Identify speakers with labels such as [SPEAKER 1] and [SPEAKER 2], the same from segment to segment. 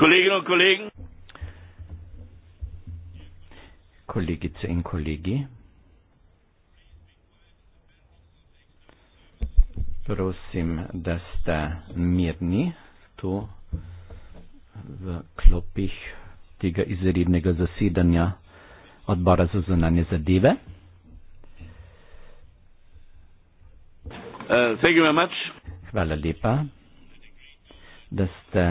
[SPEAKER 1] Kolleginnen und Kollegen. Kollege Zeng, Kollege. Prosim, da sta mirni tu v klopih tega izrednega zasedanja odbora za zunanje zadeve. Uh, hvala lepa, da ste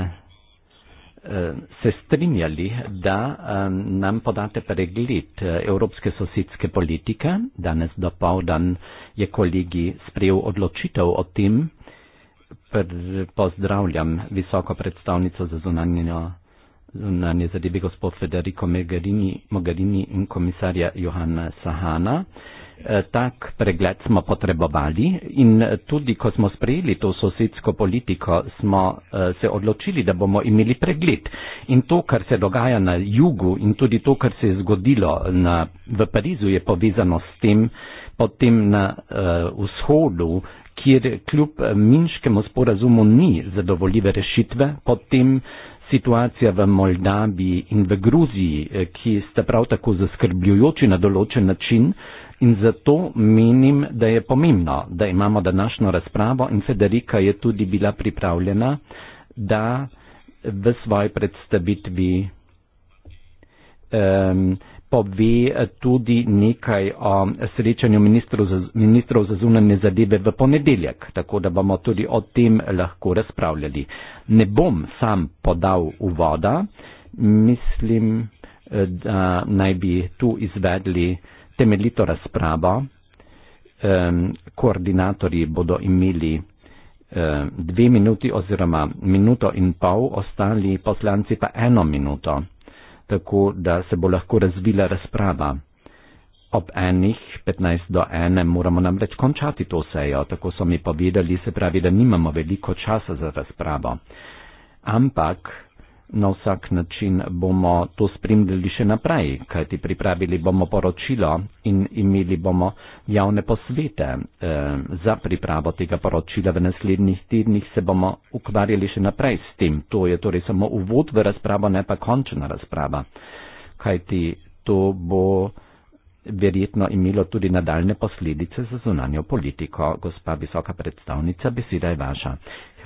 [SPEAKER 1] Eh, se strinjali, da eh, nam podate pregled eh, Evropske sosedske politike. Danes do povdan je kolegi sprejel odločitev o tem. Pozdravljam visoko predstavnico za zunanjo zunanje zadeve gospod Federico Mogherini in komisarja Johana Sahana. Eh, tak pregled smo potrebovali in eh, tudi, ko smo sprejeli to sosedsko politiko, smo eh, se odločili, da bomo imeli pregled. In to, kar se dogaja na jugu in tudi to, kar se je zgodilo na, v Parizu, je povezano s tem, potem na uh, vzhodu, kjer kljub minškemu sporazumu ni zadovoljive rešitve, potem situacija v Moldaviji in v Gruziji, ki sta prav tako zaskrbljujoči na določen način, uh, In zato menim, da je pomembno, da imamo današnjo razpravo in Federika je tudi bila pripravljena, da v svoji predstavitvi um, pove tudi nekaj o srečanju ministrov za zunanje zadeve v ponedeljek, tako da bomo tudi o tem lahko razpravljali. Ne bom sam podal uvoda, mislim, eh, da naj bi tu izvedli temeljito razpravo. Koordinatorji bodo imeli dve minuti oziroma minuto in pol, ostali poslanci pa eno minuto, tako da se bo lahko razvila razprava. Ob enih 15 do 1 moramo namreč končati to sejo, tako so mi povedali, se pravi, da nimamo veliko časa za razpravo. Ampak Na vsak način bomo to spremljali še naprej, kajti pripravili bomo poročilo in imeli bomo javne posvete eh, za pripravo tega poročila. V naslednjih tednih se bomo ukvarjali še naprej s tem. To je torej samo uvod v razpravo, ne pa končna razprava. Kajti to bo verjetno imelo tudi nadaljne posledice za zunanjo politiko. Gospa visoka predstavnica, beseda je vaša.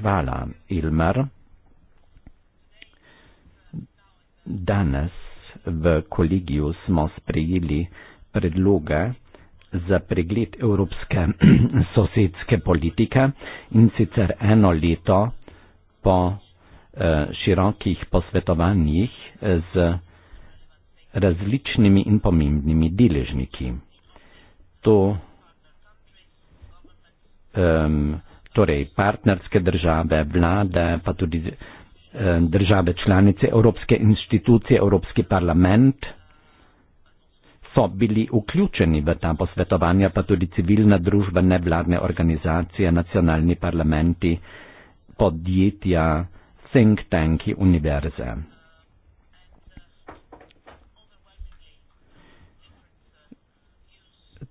[SPEAKER 1] Hvala, Ilmar. Danes v kolegiju smo sprejeli predloge za pregled evropske sosedske politike in sicer eno leto po eh, širokih posvetovanjih eh, z različnimi in pomembnimi deležniki. To, um, torej partnerske države, vlade, pa tudi Eh, države članice, evropske institucije, evropski parlament so bili vključeni v ta posvetovanja, pa tudi civilna družba, nevladne organizacije, nacionalni parlamenti, podjetja, think tanki, univerze.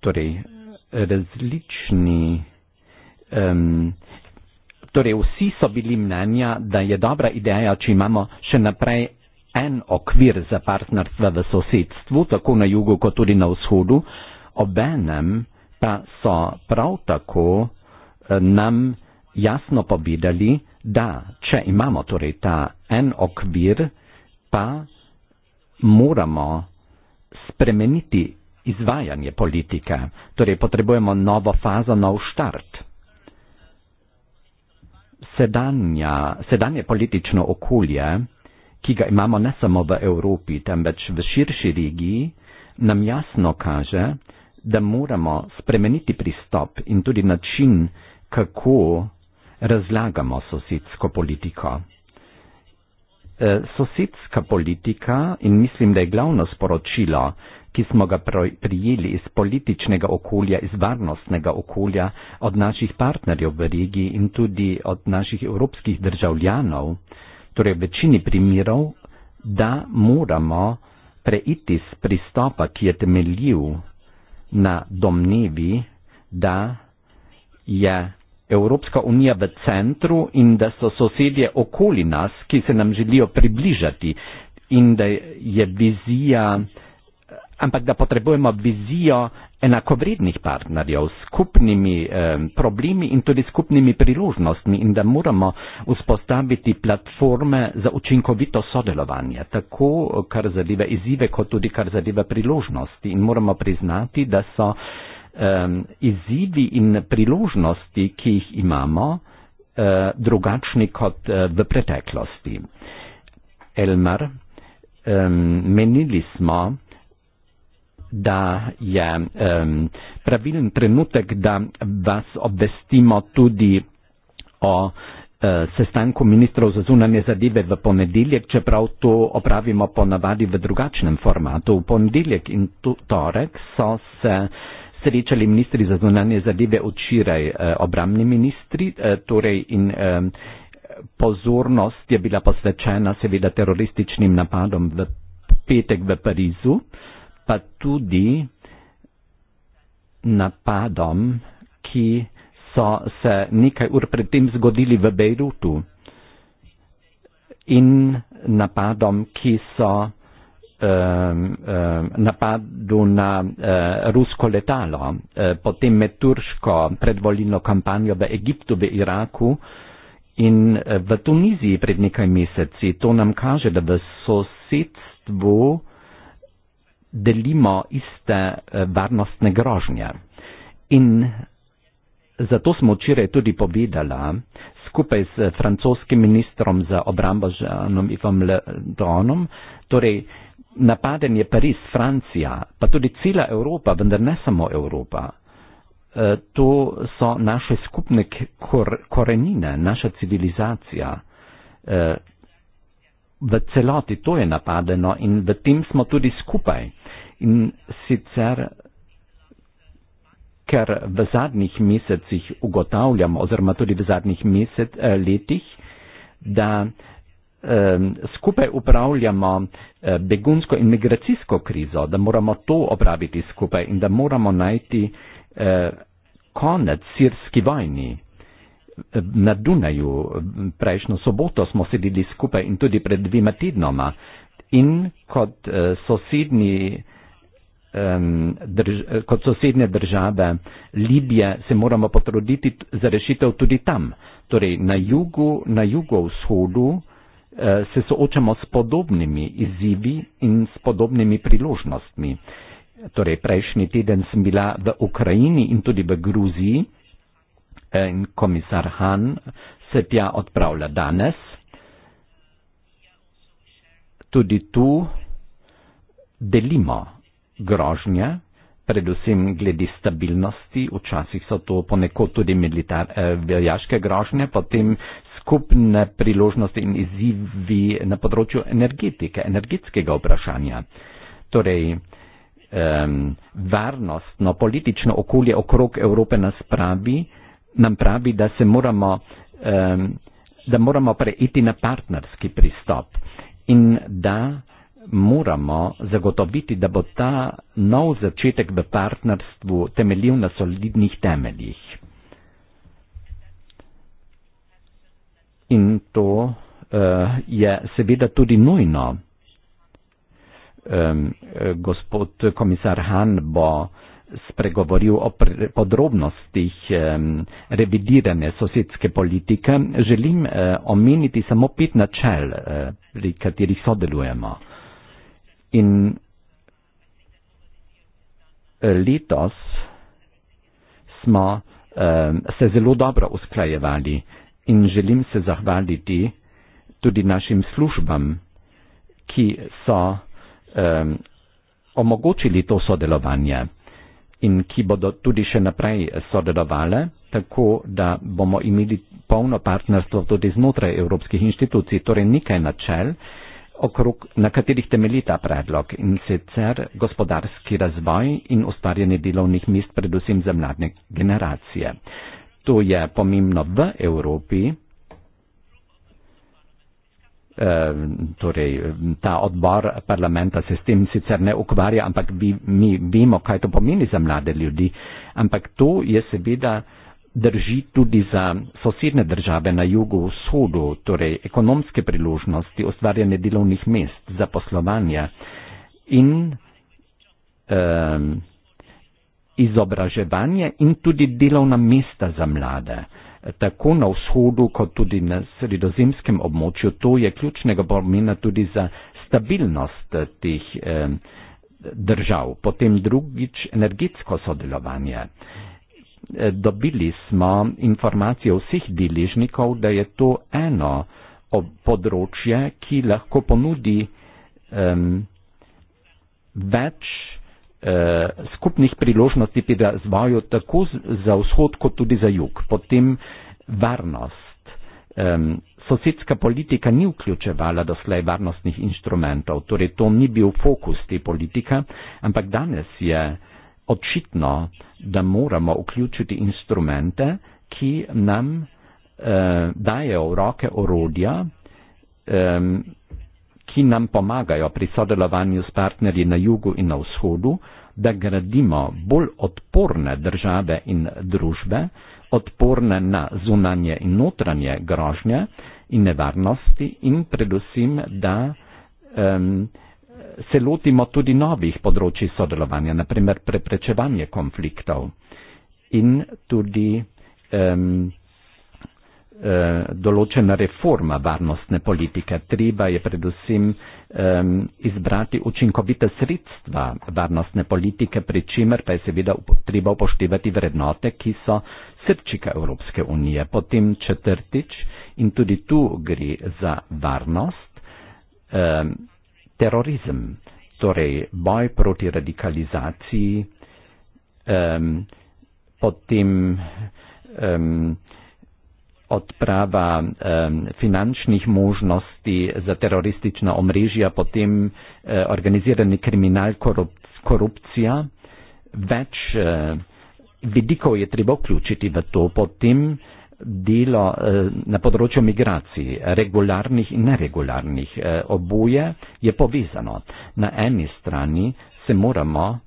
[SPEAKER 1] Torej, različni um, Torej, vsi so bili mnenja, da je dobra ideja, če imamo še naprej en okvir za partnerstva v sosedstvu, tako na jugu kot tudi na vzhodu, obenem pa so prav tako eh, nam jasno povedali, da če imamo torej ta en okvir, pa moramo spremeniti izvajanje politike, torej potrebujemo novo fazo, nov štart sedanja, sedanje politično okolje, ki ga imamo ne samo v Evropi, temveč v širši regiji, nam jasno kaže, da moramo spremeniti pristop in tudi način, kako razlagamo sosedsko politiko. E, sosedska politika in mislim, da je glavno sporočilo ki smo ga prijeli iz političnega okolja, iz varnostnega okolja, od naših partnerjev v regiji in tudi od naših evropskih državljanov, torej v večini primerov, da moramo preiti z pristopa, ki je temeljiv na domnevi, da je Evropska unija v centru in da so sosedje okoli nas, ki se nam želijo približati in da je vizija, ampak da potrebujemo vizijo enakovrednih partnerjev s skupnimi eh, problemi in tudi skupnimi priložnostmi in da moramo vzpostaviti platforme za učinkovito sodelovanje, tako kar zadeva izzive, kot tudi kar zadeva priložnosti in moramo priznati, da so eh, izzivi in priložnosti, ki jih imamo, eh, drugačni kot eh, v preteklosti. Elmar, eh, menili smo, da je um, pravilen trenutek, da vas obvestimo tudi o e, sestanku ministrov za zunanje zadeve v ponedeljek, čeprav to opravimo ponavadi v drugačnem formatu. V ponedeljek in torek so se srečali ministri za zunanje zadeve včeraj e, obramni ministri, e, torej in pozornost je bila posvečena seveda terorističnim napadom v petek v Parizu pa tudi napadom, ki so se nekaj ur predtem zgodili v Beirutu in napadom, ki so napadu na e, rusko letalo, e, potem med turško predvolilno kampanjo v Egiptu, v Iraku in e, v Tuniziji pred nekaj meseci. To nam kaže, da v sosedstvu delimo iste eh, varnostne grožnje. In zato smo včeraj tudi povedala, skupaj s francoskim ministrom za obrambo Žanom Ivom Ledonom, torej napaden je Pariz, Francija, pa tudi cela Evropa, vendar ne samo Evropa. Eh, to so naše skupne korenine, naša civilizacija. Eh, v celoti to je napadeno in v tem smo tudi skupaj. In sicer, ker v zadnjih mesecih ugotavljamo, oziroma tudi v zadnjih mesec, eh, letih, da skupaj upravljamo eh, begunsko in migracijsko krizo, da moramo to opraviti skupaj in da moramo najti eh, konec sirski vojni. Na Dunaju prejšnjo soboto smo sedeli skupaj in tudi pred dvima tednoma in kot sosednji drž, kot sosednje države Libije, se moramo potruditi za rešitev tudi tam. Torej, na jugu, na jugovzhodu eh, se soočamo s podobnimi izzivi in s podobnimi priložnostmi. Torej, prejšnji teden sem bila v Ukrajini in tudi v Gruziji eh, in komisar Han se tja odpravlja danes. Tudi tu delimo grožnje, predvsem glede stabilnosti, včasih so to ponekod tudi militar, eh, vojaške grožnje, potem skupne priložnosti in izzivi na področju energetike, energetskega vprašanja. Torej, eh, varnostno politično okolje okrog Evrope nas pravi, nam pravi, da se moramo, eh, da moramo preiti na partnerski pristop in da moramo zagotoviti, da bo ta nov začetek v partnerstvu temeljil na solidnih temeljih. In to uh, je seveda tudi nujno. Um, gospod komisar Han bo spregovoril o podrobnostih um, revidirane sosedske politike. Želim uh, omeniti samo pet načel, uh, pri katerih sodelujemo in letos smo ehm, se zelo dobro usklajevali in želim se zahvaliti tudi našim službam, ki so ehm, omogočili to sodelovanje in ki bodo tudi še naprej sodelovali, tako da bomo imeli polno partnerstvo tudi znotraj evropskih inštitucij, torej nekaj načel, okrog, na katerih temelji ta predlog in sicer gospodarski razvoj in ustvarjanje delovnih mest predvsem za mladne generacije. To je pomembno v Evropi. E, torej, ta odbor parlamenta se s tem sicer ne ukvarja, ampak bi, mi vemo, kaj to pomeni za mlade ljudi. Ampak to je seveda drži tudi za sosedne države na jugu vzhodu, torej ekonomske priložnosti, ustvarjanje delovnih mest, zaposlovanja in eh, izobraževanje in tudi delovna mesta za mlade. Tako na vzhodu, kot tudi na sredozemskem območju, to je ključnega pomena tudi za stabilnost teh eh, držav. Potem drugič, energetsko sodelovanje. Eh, Eh, dobili smo informacije vseh deležnikov, da je to eno področje, ki lahko ponudi um, več uh, skupnih priložnosti pri razvoju tako za vzhod, kot tudi za jug. Potem varnost. Um, sosedska politika ni vključevala doslej varnostnih inštrumentov, torej to ni bil fokus te politike, ampak danes je očitno, da moramo vključiti instrumente, ki nam eh, dajo v roke orodja, eh, ki nam pomagajo pri sodelovanju s partnerji na jugu in na vzhodu, da gradimo bolj odporne države in družbe, odporne na zunanje in notranje grožnje in nevarnosti in predvsem, da eh, se lotimo tudi novih področji sodelovanja, naprimer preprečevanje konfliktov in tudi um, določena reforma varnostne politike. Treba je predvsem um, izbrati učinkovite sredstva varnostne politike, pri čemer pa je seveda treba upoštevati vrednote, ki so srčika Evropske unije. Potem četrtič, in tudi tu gre za varnost, um, terorizem, torej boj proti radikalizaciji, um, potem um, odprava um, finančnih možnosti za teroristična omrežja, potem uh, organizirani kriminal, korup korupcija, več uh, vidikov je treba vključiti v to, potem uh, delo eh, na področju migracij, regularnih in neregularnih, eh, oboje je povezano. Na eni strani se moramo,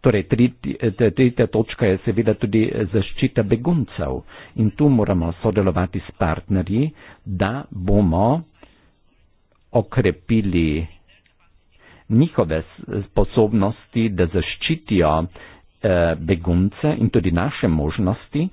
[SPEAKER 1] torej eh, tretja točka je seveda tudi zaščita beguncev in tu moramo sodelovati s partnerji, da bomo okrepili njihove sposobnosti, da zaščitijo begunce in tudi naše možnosti,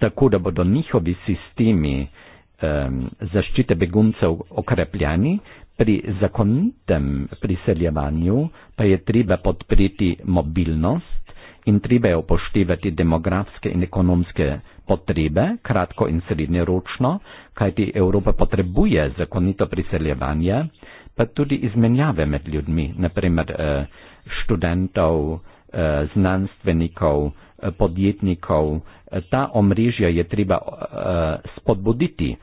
[SPEAKER 1] tako da bodo njihovi sistemi um, zaščite beguncev okrepljeni, pri zakonitem priseljevanju pa je treba podpreti mobilnost in treba je upoštevati demografske in ekonomske potrebe, kratko in srednjeročno, kajti Evropa potrebuje zakonito priseljevanje, pa tudi izmenjave med ljudmi, naprimer eh, študentov, eh, znanstvenikov, eh, podjetnikov, ta omrežja je treba eh, spodbuditi,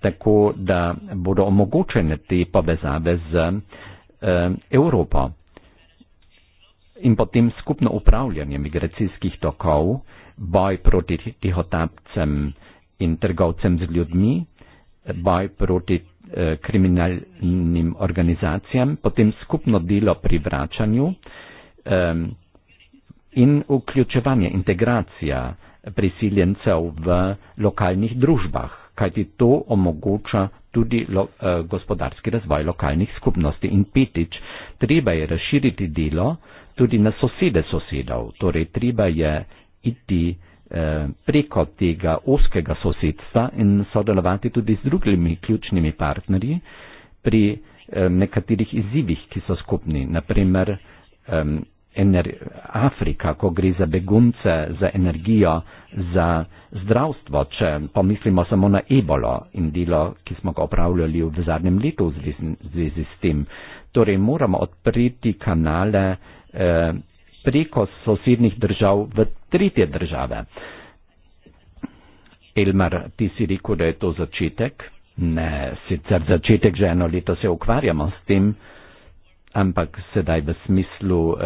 [SPEAKER 1] tako da bodo omogočene te povezave z Evropo in potem skupno upravljanje migracijskih tokov, boj proti tihotapcem in trgovcem z ljudmi, boj proti eh, kriminalnim organizacijam, potem skupno delo pri vračanju in vključevanje, integracija prisiljencev v lokalnih družbah, kajti to omogoča tudi lo, eh, gospodarski razvoj lokalnih skupnosti in petič, treba je razširiti delo tudi na sosede sosedov, torej treba je iti eh, preko tega oskega sosedstva in sodelovati tudi z drugimi ključnimi partnerji pri eh, nekaterih izzivih, ki so skupni. Naprimer, ener, Afrika, ko gre za begunce, za energijo, za zdravstvo, če pomislimo samo na ebolo in delo, ki smo ga opravljali v zadnjem letu v zvezi, zvezi s tem. Torej moramo odpreti kanale eh, preko sosednjih držav v tretje države. Elmar, ti si rekel, da je to začetek. Ne, sicer začetek že eno leto se ukvarjamo s tem ampak sedaj v smislu um,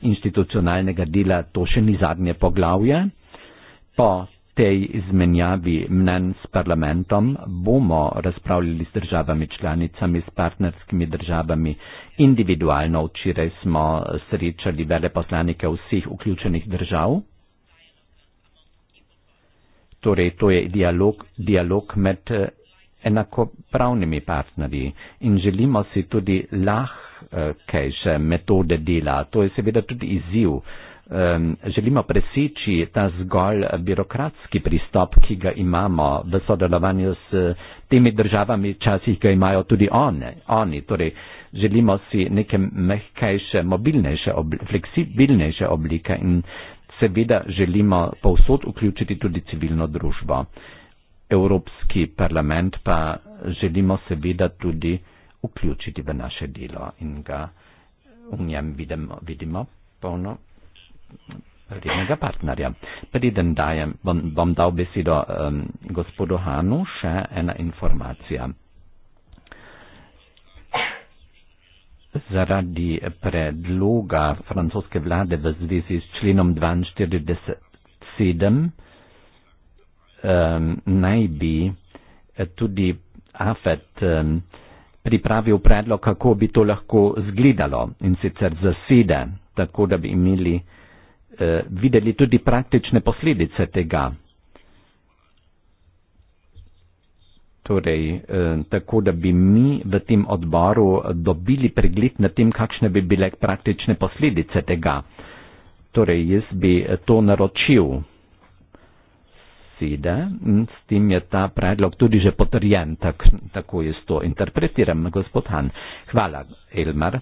[SPEAKER 1] institucionalnega dela to še ni zadnje poglavje. Po tej izmenjavi mnen s parlamentom bomo razpravljali s državami članicami, s partnerskimi državami. Individualno včeraj smo srečali veleposlanike vseh vključenih držav. Torej, to je dialog, dialog med eh, enakopravnimi partnerji in želimo si tudi lahko Eh, kaj že metode dela. To je seveda tudi izziv. Želimo presiči ta zgolj birokratski pristop, ki ga imamo v sodelovanju s eh, temi državami, časih ga imajo tudi one, oni. Torej, želimo si neke mehkejše, mobilnejše, fleksibilnejše oblike in seveda želimo povsod vključiti tudi civilno družbo. Evropski parlament pa želimo seveda tudi vključiti v naše delo in ga v njem vidimo, vidimo polno vrednega partnerja. Preden dajem, bom, bom dal besedo um, gospodu Hanu, še ena informacija. Zaradi predloga francoske vlade v zvezi s členom 427 um, naj bi tudi AFET um, pripravil predlog, kako bi to lahko zgledalo in sicer zasede, tako da bi imeli, eh, videli tudi praktične posledice tega. Torej, eh, tako da bi mi v tem odboru dobili pregled na tem, kakšne bi bile praktične posledice tega. Torej, jaz bi eh, to naročil genocide in mm, s tem je ta predlog tudi že potrjen, tak, tako jaz to interpretiram, gospod Han. Hvala, Elmar,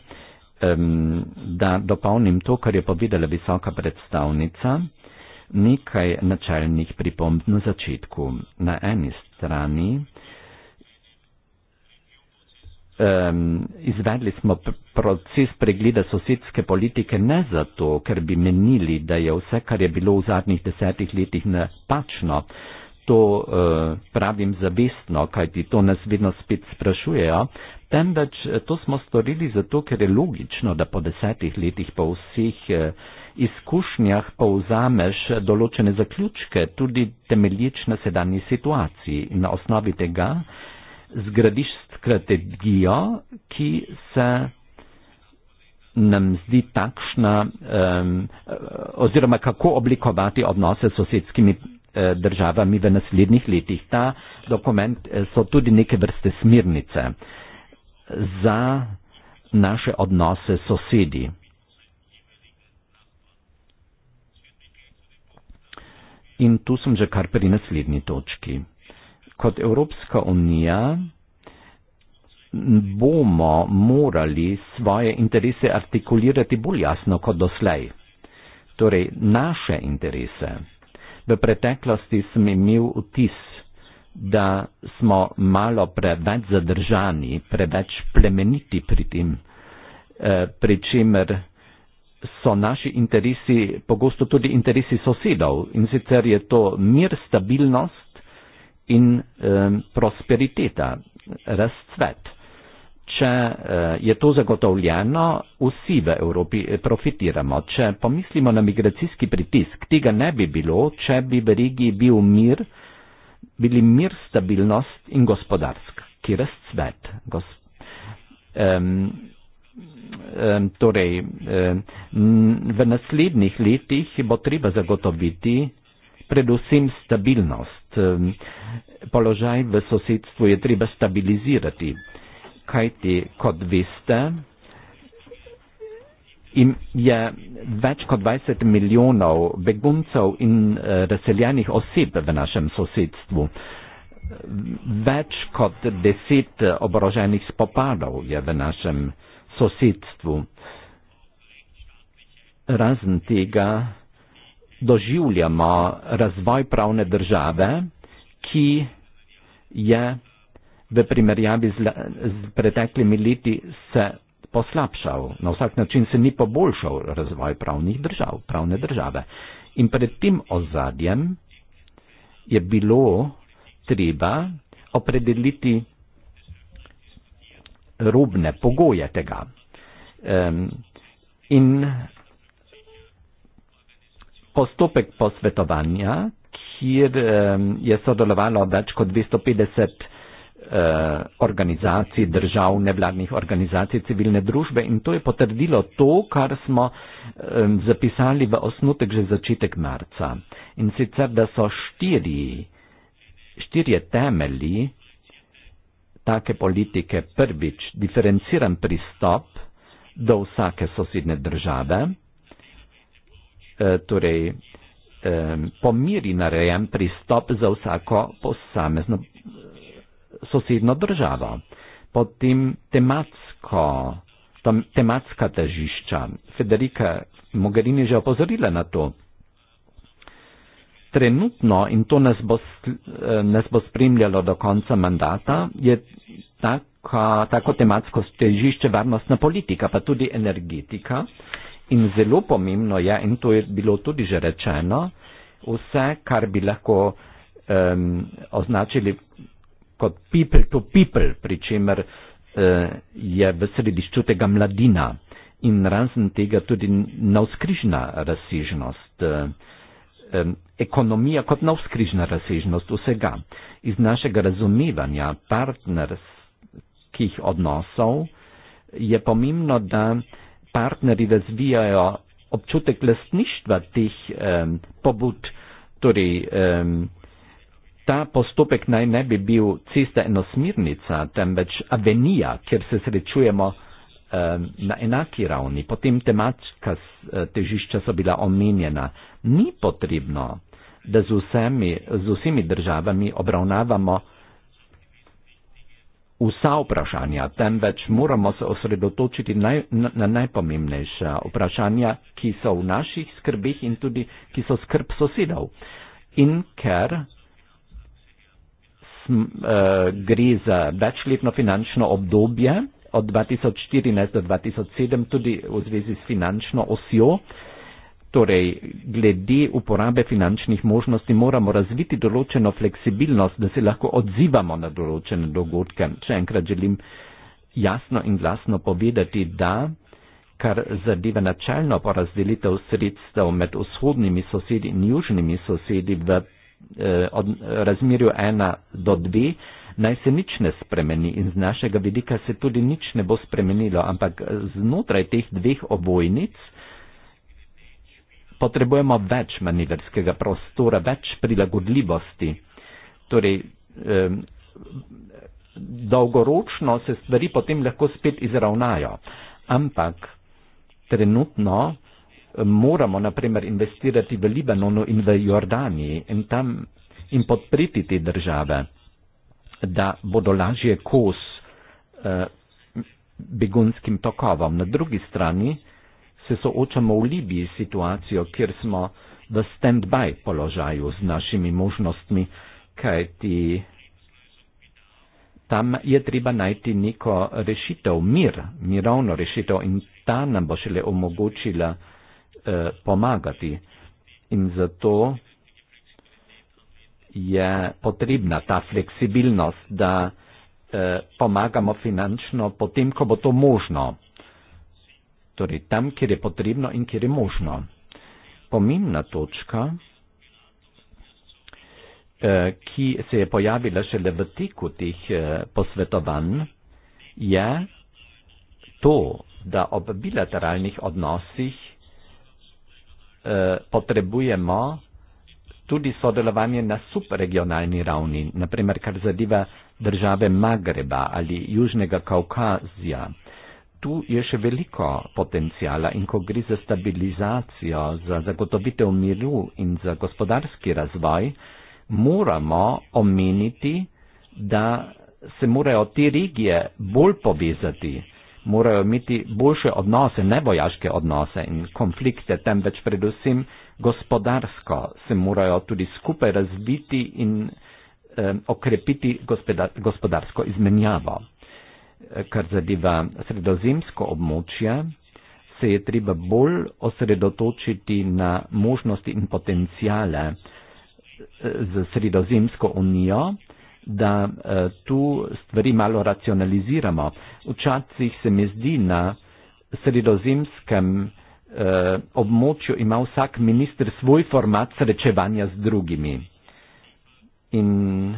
[SPEAKER 1] um, da dopolnim to, kar je povedala visoka predstavnica. Nekaj načelnih pripomb na začetku. Na eni strani um, izvedli smo pr proces pregleda sosedske politike ne zato, ker bi menili, da je vse, kar je bilo v zadnjih desetih letih napačno. To uh, pravim zavestno, kajti to nas vedno spet sprašujejo. Temveč eh, to smo storili zato, ker je logično, da po desetih letih, po vseh eh, izkušnjah povzameš določene zaključke, tudi temelječ na sedanji situaciji. Na osnovi tega uh, zgradiš strategijo, ki se nam zdi takšna, um, oziroma kako oblikovati odnose s sosedskimi uh, državami v naslednjih letih. Ta dokument eh, so tudi neke vrste smirnice za naše odnose s sosedi. In tu sem že kar pri naslednji točki kot Evropska unija bomo morali svoje interese artikulirati bolj jasno kot doslej. Torej, naše interese. V preteklosti sem imel vtis, da smo malo preveč zadržani, preveč plemeniti pri tem, eh, pri čemer so naši interesi pogosto tudi interesi sosedov in sicer je to mir, stabilnost, in eh, prosperiteta, razcvet. Če eh, je to zagotovljeno, vsi v Evropi eh, profitiramo. Če pomislimo na migracijski pritisk, tega ne bi bilo, če bi v regiji bil mir, bili mir, stabilnost in gospodarsk, ki razcvet. Gos um, um, torej, um, v naslednjih letih bo treba zagotoviti predvsem stabilnost položaj v sosedstvu je treba stabilizirati. Kaj ti, kot veste, in je več kot 20 milijonov beguncev in eh, razseljenih oseb v našem sosedstvu. Več kot deset eh, oboroženih spopadov je v našem sosedstvu. Razen tega, doživljamo razvoj pravne države, ki je v primerjavi z, z preteklimi leti se poslabšal. Na vsak način se ni poboljšal razvoj pravnih držav, pravne države. In pred tem ozadjem je bilo treba opredeliti robne pogoje tega. Um, in postopek posvetovanja, kjer je sodelovalo več kot 250 e, organizacij, držav, nevladnih organizacij, civilne družbe in to je potrdilo to, kar smo zapisali v osnutek že začetek marca. In sicer, da so štiri, štirje temelji take politike prvič diferenciran pristop do vsake sosedne države. Eh, torej, po miri narejen pristop za vsako posamezno eh, sosedno državo. Potem tematsko, tam, tematska težišča. Federika Mogherini je že opozorila na to. Trenutno, in to nas bo, eh, nas bo spremljalo do konca mandata, je taka, tako tematsko težišče varnostna politika, pa tudi energetika. In zelo pomembno je, in to je bilo tudi že rečeno, vse, kar bi lahko um, označili kot people to people, pri čemer uh, je v središču tega mladina in razen tega tudi navskrižna razsežnost, um, ekonomija kot navskrižna razsežnost vsega. Iz našega razumevanja partnerskih odnosov je pomembno, da partnerji razvijajo občutek lastništva teh um, pobud, torej um, ta postopek naj ne bi bil cesta enosmirnica, temveč avenija, kjer se srečujemo um, na enaki ravni. Potem tematska e, težišča so bila omenjena. Ni potrebno, da z vsemi, z vsemi državami obravnavamo vsa vprašanja, temveč moramo se osredotočiti naj, na, na najpomembnejša vprašanja, ki so v naših skrbih in tudi, ki so skrb sosedov. In ker sm, eh, gre za večletno finančno obdobje od 2014 do 2007, tudi v zvezi s finančno osjo, torej glede uporabe finančnih možnosti moramo razviti določeno fleksibilnost, da se lahko odzivamo na določene dogodke. Če enkrat želim jasno in glasno povedati, da kar zadeva načelno porazdelitev sredstev med vzhodnimi sosedi in južnimi sosedi v eh, od, razmerju 1 do 2, naj se nič ne spremeni in z našega vidika se tudi nič ne bo spremenilo, ampak eh, znotraj teh dveh obojnic potrebujemo več manjverskega prostora, več prilagodljivosti. Torej, eh, dolgoročno se stvari potem lahko spet izravnajo, ampak trenutno moramo naprimer investirati v Libanonu in v Jordaniji in tam in podpriti te države, da bodo lažje kos eh, begunskim tokovom. Na drugi strani, se soočamo v Libiji s situacijo, kjer smo v stand-by položaju z našimi možnostmi, kajti tam je treba najti neko rešitev, mir, mirovno rešitev in ta nam bo šele omogočila eh, pomagati. In zato je potrebna ta fleksibilnost, da eh, pomagamo finančno potem, ko bo to možno torej tam, kjer je potrebno in kjer je možno. Pomembna točka, eh, ki se je pojavila šele v teku teh eh, posvetovanj, je to, da ob bilateralnih odnosih eh, potrebujemo tudi sodelovanje na subregionalni ravni, naprimer kar zadeva države Magreba ali Južnega Kaukazija tu je še veliko potencijala in ko gre za stabilizacijo, za zagotovitev miru in za gospodarski razvoj, moramo omeniti, da se morajo te regije bolj povezati, morajo imeti boljše odnose, ne vojaške odnose in konflikte, temveč predvsem gospodarsko se morajo tudi skupaj razviti in eh, okrepiti gospodarsko izmenjavo kar zadeva sredozemsko območje, se je treba bolj osredotočiti na možnosti in potencijale eh, z sredozemsko unijo, da eh, tu stvari malo racionaliziramo. Včasih se mi zdi na sredozemskem eh, območju ima vsak minister svoj format srečevanja z drugimi. In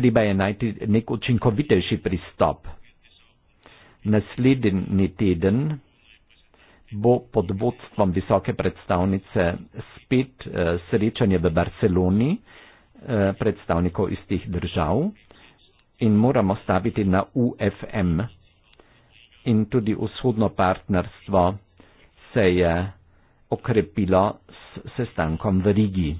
[SPEAKER 1] treba je najti nek učinkovitejši pristop. Naslednji teden bo pod vodstvom visoke predstavnice spet eh, srečanje v Barceloni eh, predstavnikov iz teh držav in moramo staviti na UFM. In tudi vzhodno partnerstvo se je okrepilo s sestankom v Rigi.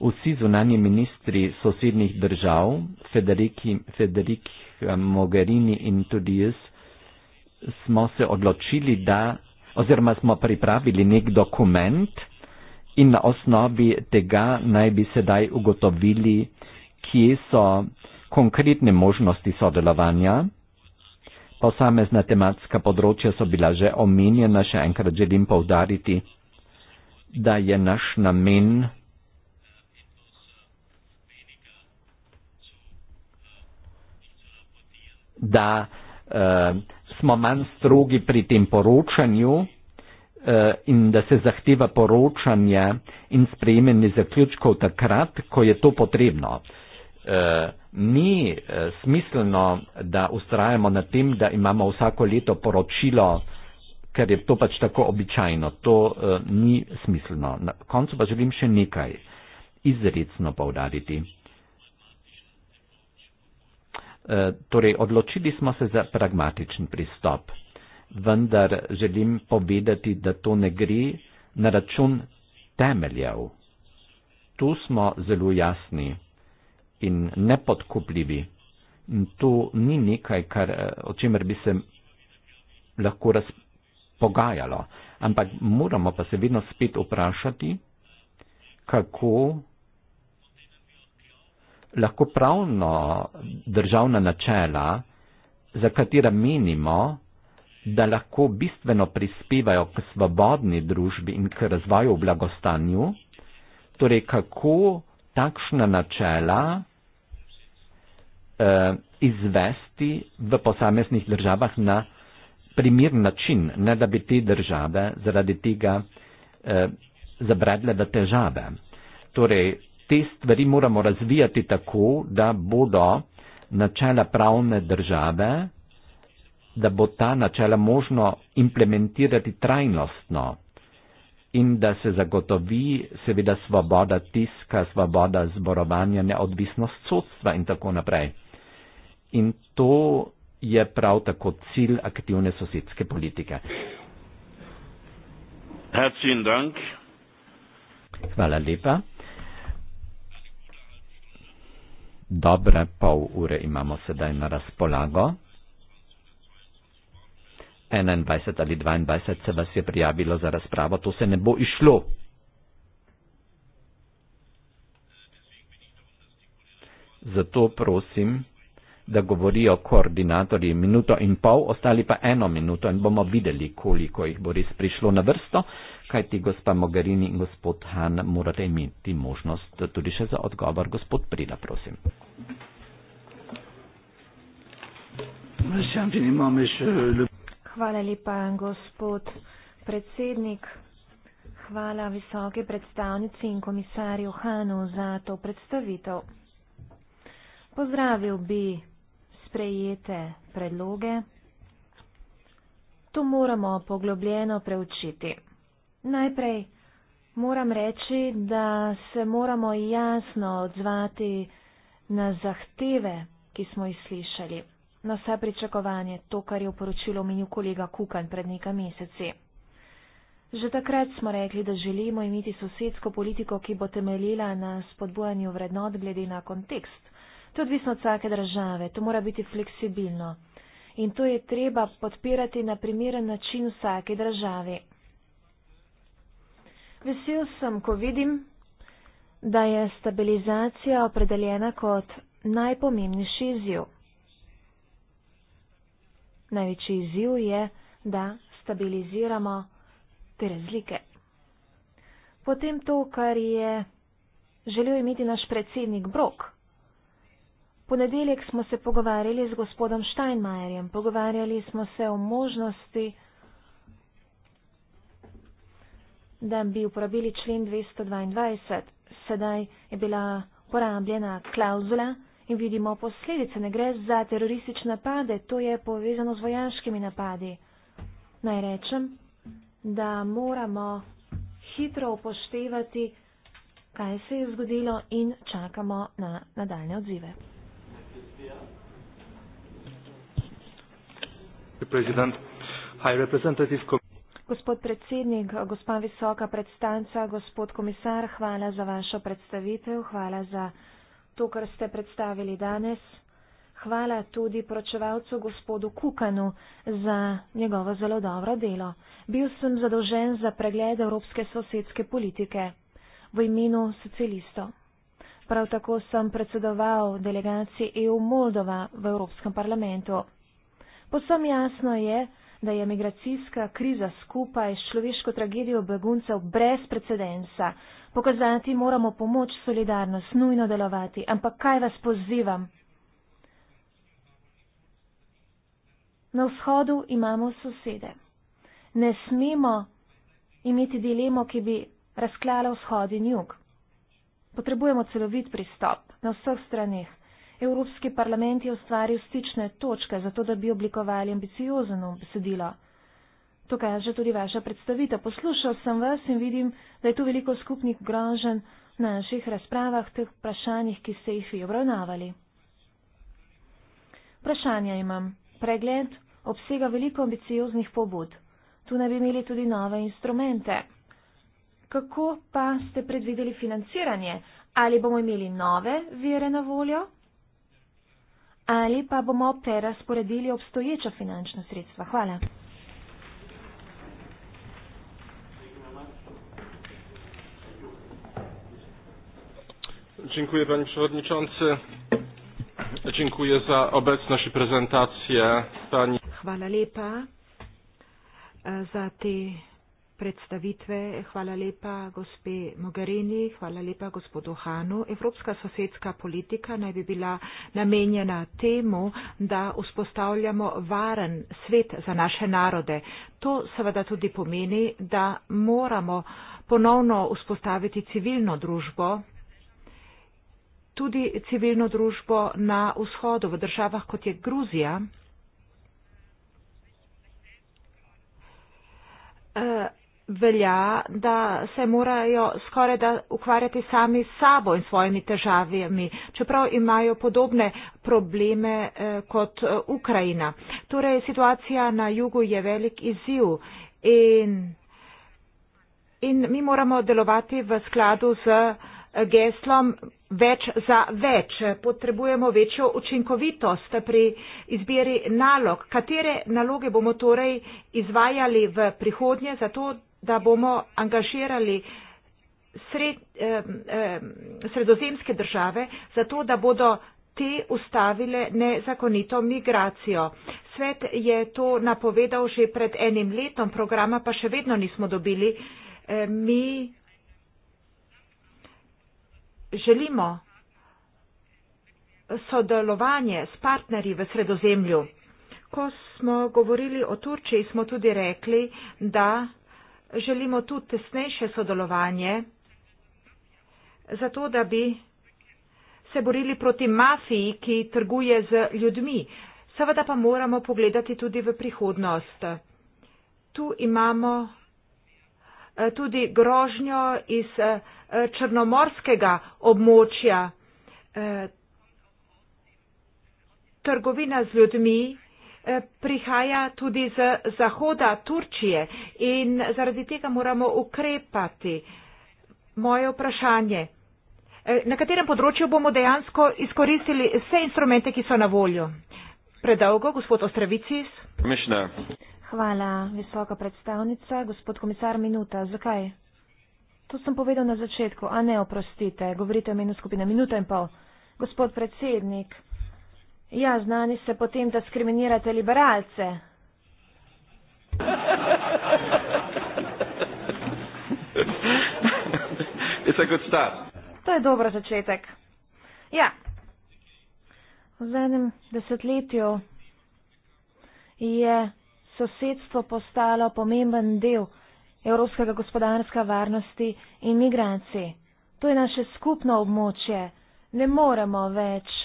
[SPEAKER 1] vsi zunani ministri sosednjih držav, Federiki, Federik eh, Mogherini in tudi jaz, smo se odločili, da, oziroma smo pripravili nek dokument in na osnovi tega naj bi sedaj ugotovili, kje so konkretne možnosti sodelovanja. Posamezna tematska področja so bila že omenjena, še enkrat želim povdariti, da je naš namen da eh, smo manj strogi pri tem poročanju eh, in da se zahteva poročanje in sprejemanje zaključkov takrat, ko je to potrebno. Eh, ni eh, smiselno, da ustrajamo na tem, da imamo vsako leto poročilo, ker je to pač tako običajno. To eh, ni smiselno. Na koncu pa želim še nekaj izredno povdariti. Eh, torej odločili smo se za pragmatičen pristop. Vendar želim povedati, da to ne gre na račun temeljev. Tu smo zelo jasni in nepodkupljivi. In to ni nekaj, kar, eh, o čemer bi se lahko razpogajalo. Ampak moramo pa se vedno spet vprašati, kako lahko pravno državna načela, za katera menimo, da lahko bistveno prispevajo k svobodni družbi in k razvoju v blagostanju, torej kako takšna načela eh, izvesti v posameznih državah na primir način, ne da bi te države zaradi tega eh, zabredle v težave. Torej, te stvari moramo razvijati tako, da bodo načela pravne države, da bo ta načela možno implementirati trajnostno in da se zagotovi seveda svoboda tiska, svoboda zborovanja, neodvisnost sodstva in tako naprej. In to je prav tako cilj aktivne sosedske politike. Hvala lepa. dobre pol ure imamo sedaj na razpolago. 21 ali 22 se vas je prijavilo za razpravo, to se ne bo išlo. Zato prosim, da govorijo koordinatorji minuto in pol, ostali pa eno minuto in bomo videli, koliko jih bo res prišlo na vrsto, kaj ti gospa Mogarini in gospod Han morate imeti možnost tudi še za odgovor. Gospod Prida, prosim.
[SPEAKER 2] Hvala lepa, gospod predsednik. Hvala visoke predstavnici in komisarju Hanu za to predstavitev. Pozdravil bi sprejete predloge, to moramo poglobljeno preučiti. Najprej moram reči, da se moramo jasno odzvati na zahteve, ki smo jih slišali, na vse pričakovanje, to, kar je v poročilu omenil kolega Kukan pred nekaj meseci. Že takrat smo rekli, da želimo imeti sosedsko politiko, ki bo temeljila na spodbujanju vrednot glede na kontekst. To je odvisno od vsake države, to mora biti fleksibilno. In to je treba podpirati na primeren način vsake države. Vesel sem, ko vidim, da je stabilizacija opredeljena kot najpomembnejši izziv. Največji izziv je, da stabiliziramo te razlike. Potem to, kar je želel imeti naš predsednik Brok ponedeljek smo se pogovarjali z gospodom Steinmeierjem, pogovarjali smo se o možnosti, da bi uporabili člen 222. Sedaj je bila porabljena klauzula in vidimo posledice. Ne gre za teroristične napade, to je povezano z vojaškimi napadi. Naj rečem, da moramo hitro upoštevati, kaj se je zgodilo in čakamo na nadaljne odzive. Gospod predsednik, gospa visoka predstavnica, gospod komisar, hvala za vašo predstavitev, hvala za to, kar ste predstavili danes. Hvala tudi pročevalcu gospodu Kukanu za njegovo zelo dobro delo. Bil sem zadolžen za pregled evropske sosedske politike v imenu socialistov. Prav tako sem predsedoval delegaciji EU Moldova v Evropskem parlamentu. Posem jasno je, da je migracijska kriza skupaj s človeško tragedijo beguncev brez precedensa. Pokazati moramo pomoč, solidarnost, nujno delovati. Ampak kaj vas pozivam? Na vzhodu imamo sosede. Ne smemo imeti dilemo, ki bi razklala vzhod in jug. Potrebujemo celovit pristop na vseh stranih. Evropski parlament je ustvaril stične točke, zato da bi oblikovali ambiciozno besedilo. To kaže tudi vaša predstavitev. Poslušal sem vas in vidim, da je tu veliko skupnih grožen na naših razpravah, teh vprašanjih, ki ste jih vi obravnavali. Vprašanja imam. Pregled obsega veliko ambicioznih pobud. Tu naj bi imeli tudi nove instrumente. Kako pa ste predvideli financiranje? Ali bomo imeli nove vire na voljo? Ali pa bomo prerasporedili obstoječa finančna sredstva? Hvala.
[SPEAKER 1] Dziękuję Panie Przewodniczący. Dziękuję za obecność i prezentację Pani.
[SPEAKER 3] Chwala lepa e, za te predstavitve. Hvala lepa gospe Mogherini, hvala lepa gospodu Hanu. Evropska sosedska politika naj bi bila namenjena temu, da vzpostavljamo varen svet za naše narode. To seveda tudi pomeni, da moramo ponovno vzpostaviti civilno družbo, tudi civilno družbo na vzhodu v državah, kot je Gruzija. Uh, velja, da se morajo skoraj da ukvarjati sami s sabo in svojimi težavami, čeprav imajo podobne probleme eh, kot eh, Ukrajina. Torej, situacija na jugu je velik izziv in, in mi moramo delovati v skladu z eh, geslom več za več. Potrebujemo večjo učinkovitost pri izbiri nalog. Katere naloge bomo torej izvajali v prihodnje, zato, da bomo angažirali sred, eh, eh, sredozemske države za to, da bodo te ustavile nezakonito migracijo. Svet je to napovedal že pred enim letom, programa pa še vedno nismo dobili. Eh, mi želimo sodelovanje s partnerji v sredozemlju. Ko smo govorili o Turčiji, smo tudi rekli, da želimo tudi tesnejše sodelovanje, zato da bi se borili proti mafiji, ki trguje z ljudmi. Seveda pa moramo pogledati tudi v prihodnost. Tu imamo eh, tudi grožnjo iz eh, črnomorskega območja. Eh, trgovina z ljudmi Eh, prihaja tudi z zahoda Turčije in zaradi tega moramo ukrepati. Moje vprašanje. Eh, na katerem področju bomo dejansko izkoristili vse instrumente, ki so na voljo?
[SPEAKER 2] Predolgo, gospod Ostrevicis. Mišna. Hvala, visoka predstavnica. Gospod komisar, minuta. Zakaj? To sem povedal na začetku. A ne, oprostite, govorite o imenu skupine. Minuta in pol. Gospod predsednik. Ja, znani ste potem, da skriminirate liberalce. To je dober začetek. Ja. V zadnjem desetletju je sosedstvo postalo pomemben del evropskega gospodarska varnosti in migranci. To je naše skupno območje. Ne moremo več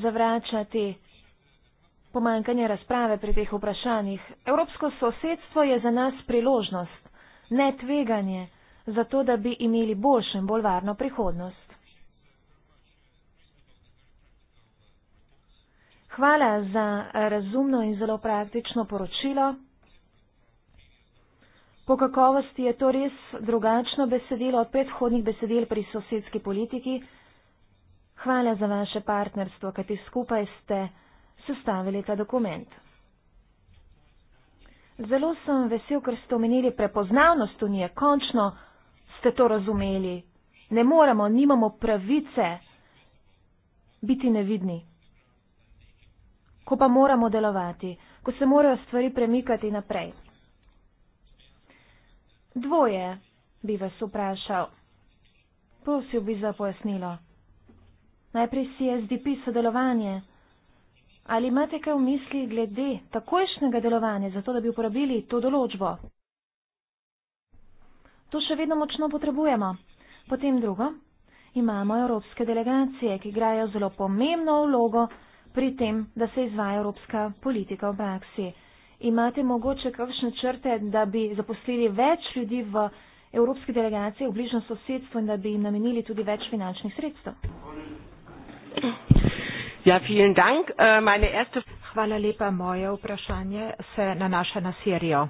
[SPEAKER 2] zavračati pomankanje razprave pri teh vprašanjih. Evropsko sosedstvo je za nas priložnost, ne tveganje, zato da bi imeli boljšo in bolj varno prihodnost. Hvala za razumno in zelo praktično poročilo. Po kakovosti je to res drugačno besedilo od predhodnih besedil pri sosedski politiki. Hvala za vaše partnerstvo, kajti skupaj ste sestavili ta dokument. Zelo sem vesel, ker ste omenili prepoznavnost Unije. Končno ste to razumeli. Ne moramo, nimamo pravice biti nevidni. Ko pa moramo delovati, ko se morajo stvari premikati naprej. Dvoje bi vas vprašal. Prosil bi za pojasnilo. Najprej si SDP sodelovanje. Ali imate kaj v misli glede takojšnjega delovanja, zato da bi uporabili to določbo? To še vedno močno potrebujemo. Potem drugo, imamo evropske delegacije, ki igrajo zelo pomembno vlogo pri tem, da se izvaja evropska politika v praksi. Imate mogoče kakšne črte, da bi zaposlili več ljudi v evropske delegacije v bližnjem sosedstvu in da bi jim namenili tudi več finančnih sredstev? Hvala.
[SPEAKER 3] Ja, vielen Dank. Äh, meine erste Hvala lepa, moje vprašanje se nanaša na Sirijo.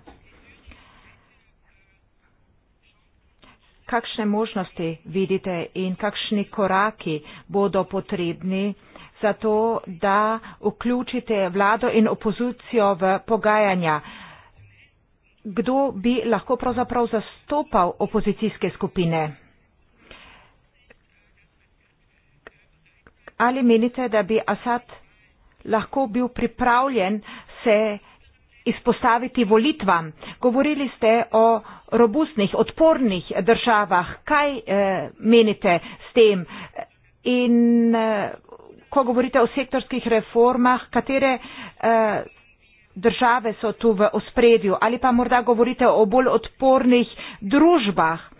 [SPEAKER 3] Kakšne možnosti vidite in kakšni koraki bodo potrebni za to, da vključite vlado in opozicijo v pogajanja? Kdo bi lahko pravzaprav zastopal opozicijske skupine? ali menite, da bi Asad lahko bil pripravljen se izpostaviti volitvam? Govorili ste o robustnih, odpornih državah. Kaj eh, menite s tem? In eh, ko govorite o sektorskih reformah, katere eh, države so tu v ospredju? Ali pa morda govorite o bolj odpornih družbah?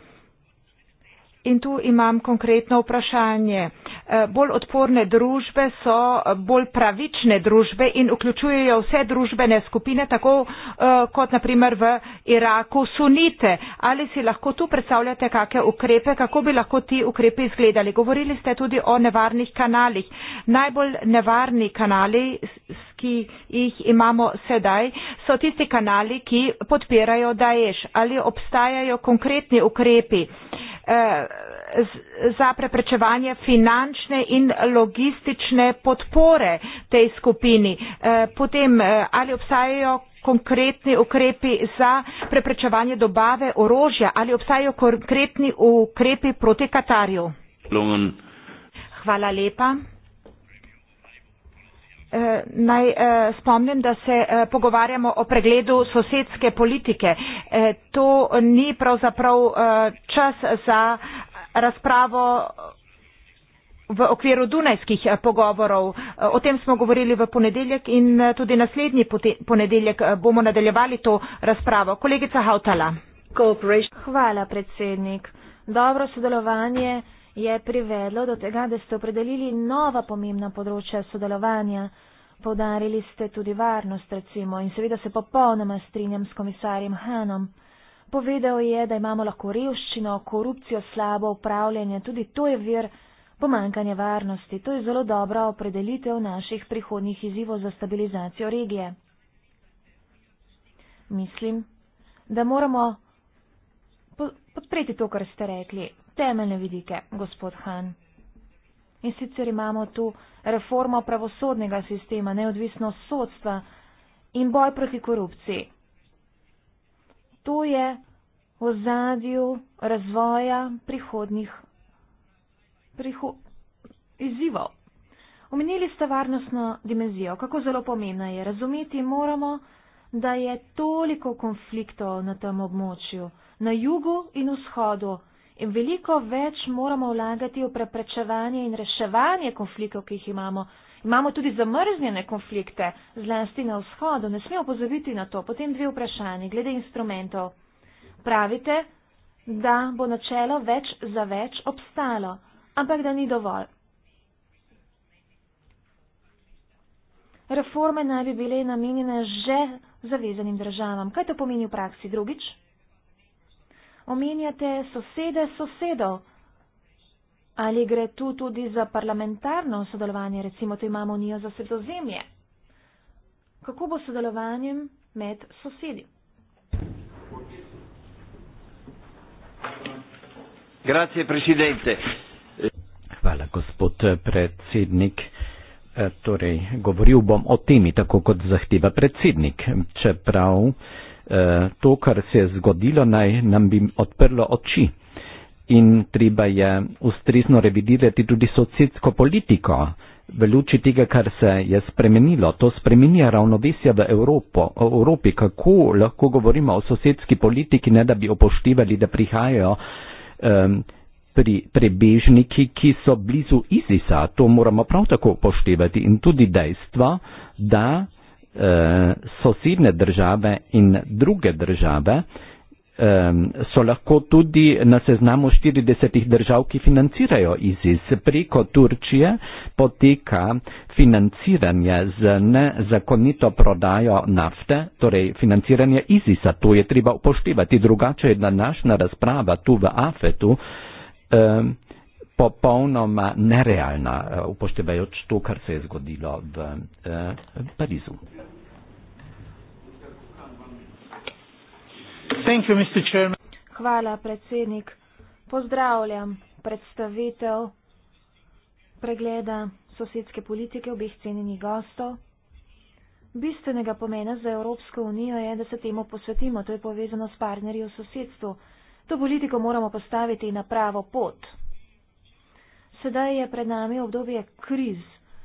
[SPEAKER 3] In tu imam konkretno vprašanje. Eh, bolj odporne družbe so eh, bolj pravične družbe in vključujejo vse družbene skupine, tako eh, kot naprimer v Iraku sunite. Ali si lahko tu predstavljate kakšne ukrepe, kako bi lahko ti ukrepe izgledali? Govorili ste tudi o nevarnih kanalih. Najbolj nevarni kanali, ki jih imamo sedaj, so tisti kanali, ki podpirajo Daesh. Ali obstajajo konkretni ukrepi? za preprečevanje finančne in logistične podpore tej skupini. E, potem, e, ali obstajajo konkretni ukrepi za preprečevanje dobave orožja, ali obstajajo konkretni ukrepi proti Katarju? Hvala lepa. Eh, naj eh, spomnim, da se eh, pogovarjamo o pregledu sosedske politike. To ni pravzaprav čas za razpravo v okviru dunajskih pogovorov. O tem smo govorili v ponedeljek in tudi naslednji ponedeljek bomo nadaljevali to razpravo. Kolegica Hautala.
[SPEAKER 2] Hvala, predsednik. Dobro sodelovanje je privedlo do tega, da ste opredelili nova pomembna področja sodelovanja. Podarili ste tudi varnost, recimo, in seveda se popolnoma strinjam s komisarjem Hanom. Povedal je, da imamo lahko revščino, korupcijo, slabo upravljanje, tudi to je vir pomankanja varnosti. To je zelo dobra opredelitev naših prihodnih izzivov za stabilizacijo regije. Mislim, da moramo podpreti to, kar ste rekli temeljne vidike, gospod Han. In sicer imamo tu reformo pravosodnega sistema, neodvisnost sodstva in boj proti korupciji. To je v zadju razvoja prihodnih priho izzivov. Omenili ste varnostno dimenzijo, kako zelo pomembna je. Razumeti moramo, da je toliko konfliktov na tem območju, na jugu in vzhodu. In veliko več moramo vlagati v preprečevanje in reševanje konfliktov, ki jih imamo. Imamo tudi zamrznjene konflikte, zlasti na vzhodu. Ne smemo pozabiti na to. Potem dve vprašanje glede instrumentov. Pravite, da bo načelo več za več obstalo, ampak da ni dovolj. Reforme naj bi bile namenjene že zavezanim državam. Kaj to pomeni v praksi? Drugič omenjate sosede sosedov. Ali gre tu tudi za parlamentarno sodelovanje, recimo, da imamo unijo za sredozemlje? Kako bo sodelovanjem med sosedi?
[SPEAKER 1] Hvala, gospod predsednik. E, torej, govoril bom o temi, tako kot zahteva predsednik, čeprav. Eh, to, kar se je zgodilo, naj nam bi odprlo oči. In treba je ustrezno revidirati tudi socijsko politiko v luči tega, kar se je spremenilo. To spreminja ravnovesja v Evropi. Kako lahko govorimo o sosedski politiki, ne da bi opoštevali, da prihajajo um, pri, prebežniki, ki so blizu ISIS-a. To moramo prav tako opoštevati. In tudi dejstvo, da eh, sosedne države in druge države, so lahko tudi na seznamu 40 držav, ki financirajo ISIS. Preko Turčije poteka financiranje z nezakonito prodajo nafte, torej financiranje ISIS-a. To je treba upoštevati. Drugače je današnja razprava tu v Afetu. Eh, popolnoma nerealna, eh, upoštevajoč to, kar se je zgodilo v eh, Parizu.
[SPEAKER 2] Hvala, predsednik. Pozdravljam predstavitev pregleda sosedske politike obeh cenjenih gostov. Bistvenega pomena za Evropsko unijo je, da se temu posvetimo, to je povezano s partnerji v sosedstvu. To politiko moramo postaviti na pravo pot. Sedaj je pred nami obdobje kriz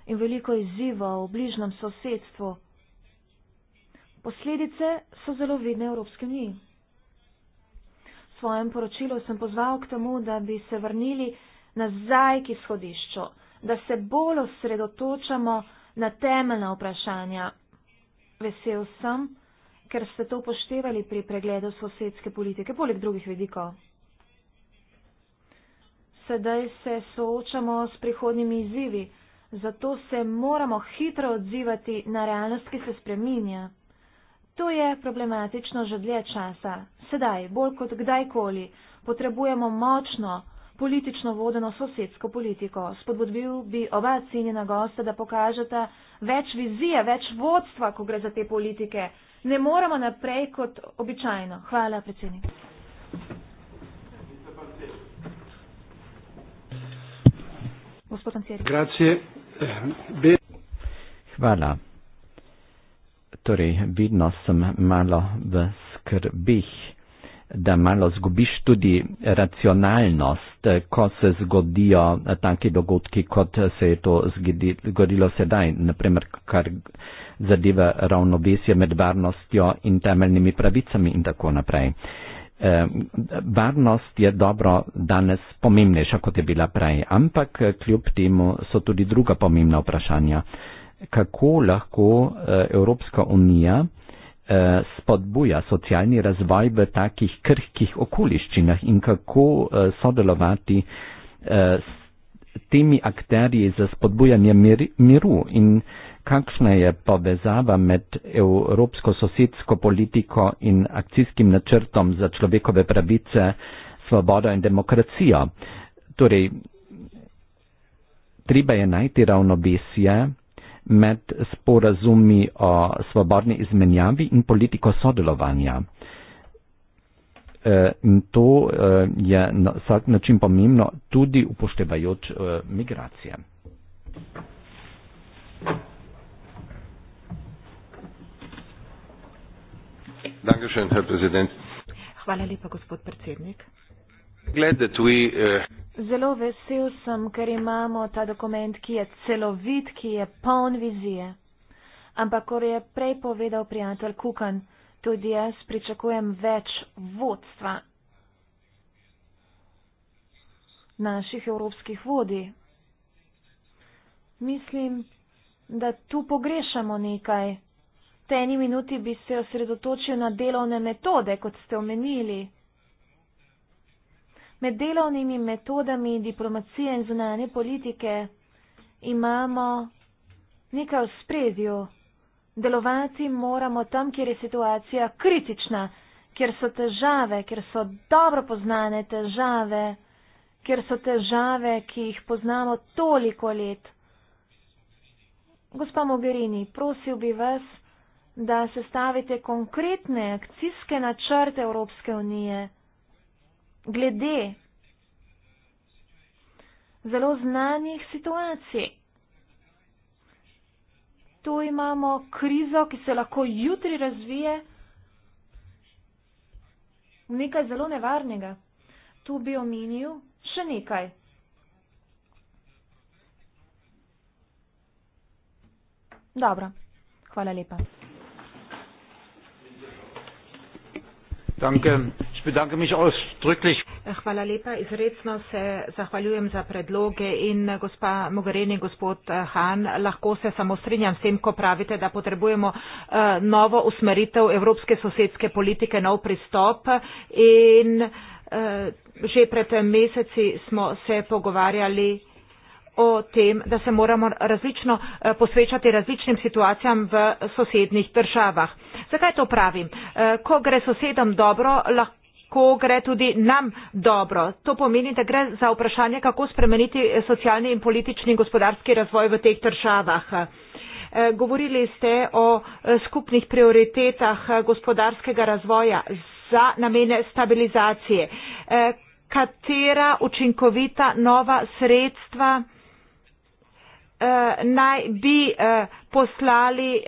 [SPEAKER 2] in veliko izziva v bližnjem sosedstvu. Posledice so zelo vidne v Evropski uniji. V svojem poročilu sem pozval k temu, da bi se vrnili nazaj k izhodišču, da se bolj osredotočamo na temeljna vprašanja. Vesel sem, ker ste to upoštevali pri pregledu sosedske politike, poleg drugih vidikov sedaj se soočamo s prihodnimi izzivi, zato se moramo hitro odzivati na realnost, ki se spreminja. To je problematično že dlje časa. Sedaj, bolj kot kdajkoli, potrebujemo močno politično vodeno sosedsko politiko. Spodbudil bi oba cenjena gosta, da pokažeta več vizije, več vodstva, ko gre za te politike. Ne moramo naprej kot običajno. Hvala, predsednik. Gospod Ancieri. Grazie. Be
[SPEAKER 1] Hvala. Torej, vidno sem malo v skrbih, da malo zgubiš tudi racionalnost, ko se zgodijo taki dogodki, kot se je to zgodilo sedaj, naprimer, kar zadeva ravnovesje med varnostjo in temeljnimi pravicami in tako naprej varnost je dobro danes pomembnejša, kot je bila prej, ampak eh, kljub temu so tudi druga pomembna vprašanja. Kako lahko eh, Evropska unija eh, spodbuja socialni razvoj v takih krhkih okoliščinah in kako sodelovati s temi akterji za spodbujanje miru in kakšna je povezava med evropsko sosedsko politiko in akcijskim načrtom za človekove pravice, svobodo in demokracijo. Torej, treba je najti ravnovesje med sporazumi o svobodni izmenjavi in politiko sodelovanja. E, in to e, je na vsak način pomembno, tudi upoštevajoč e, migracije. Thank you.
[SPEAKER 2] Dankeschön, Herr Präsident. Hvala lepa, gospod predsednik. Eh, Zelo vesel sem, ker imamo ta dokument, ki je celovit, ki je poln vizije. Ampak, kot je prej povedal prijatelj Kukan, tudi jaz pričakujem več vodstva naših evropskih vodij. Mislim, da tu pogrešamo nekaj. V eni minuti bi se osredotočil na delovne metode, kot ste omenili. Med delovnimi metodami diplomacije in zunanje politike imamo nekaj v spredju. Delovati moramo tam, kjer je situacija kritična, kjer so težave, kjer so dobro poznane težave, kjer so težave, ki jih poznamo toliko let. Gospa Mogherini, prosil bi vas da sestavite konkretne akcijske načrte Evropske unije glede zelo znanih situacij. Tu imamo krizo, ki se lahko jutri razvije v nekaj zelo nevarnega. Tu bi omenil še nekaj. Dobro, hvala lepa.
[SPEAKER 1] Danke. Ich bedanke mich ausdrücklich.
[SPEAKER 3] Hvala lepa, izredno se zahvaljujem za predloge in eh, gospa Mogherini, gospod eh, Han, lahko se samo strinjam s tem, ko pravite, da potrebujemo eh, novo usmeritev evropske sosedske politike, nov pristop in že pred meseci smo se pogovarjali o tem, da se moramo različno posvečati različnim situacijam v sosednih državah. Zakaj to pravim? E, ko gre sosedom dobro, lahko gre tudi nam dobro. To pomeni, da gre za vprašanje, kako spremeniti socialni in politični in gospodarski razvoj v teh državah. E, govorili ste o e, skupnih prioritetah gospodarskega razvoja za namene stabilizacije. Katera učinkovita nova sredstva naj bi poslali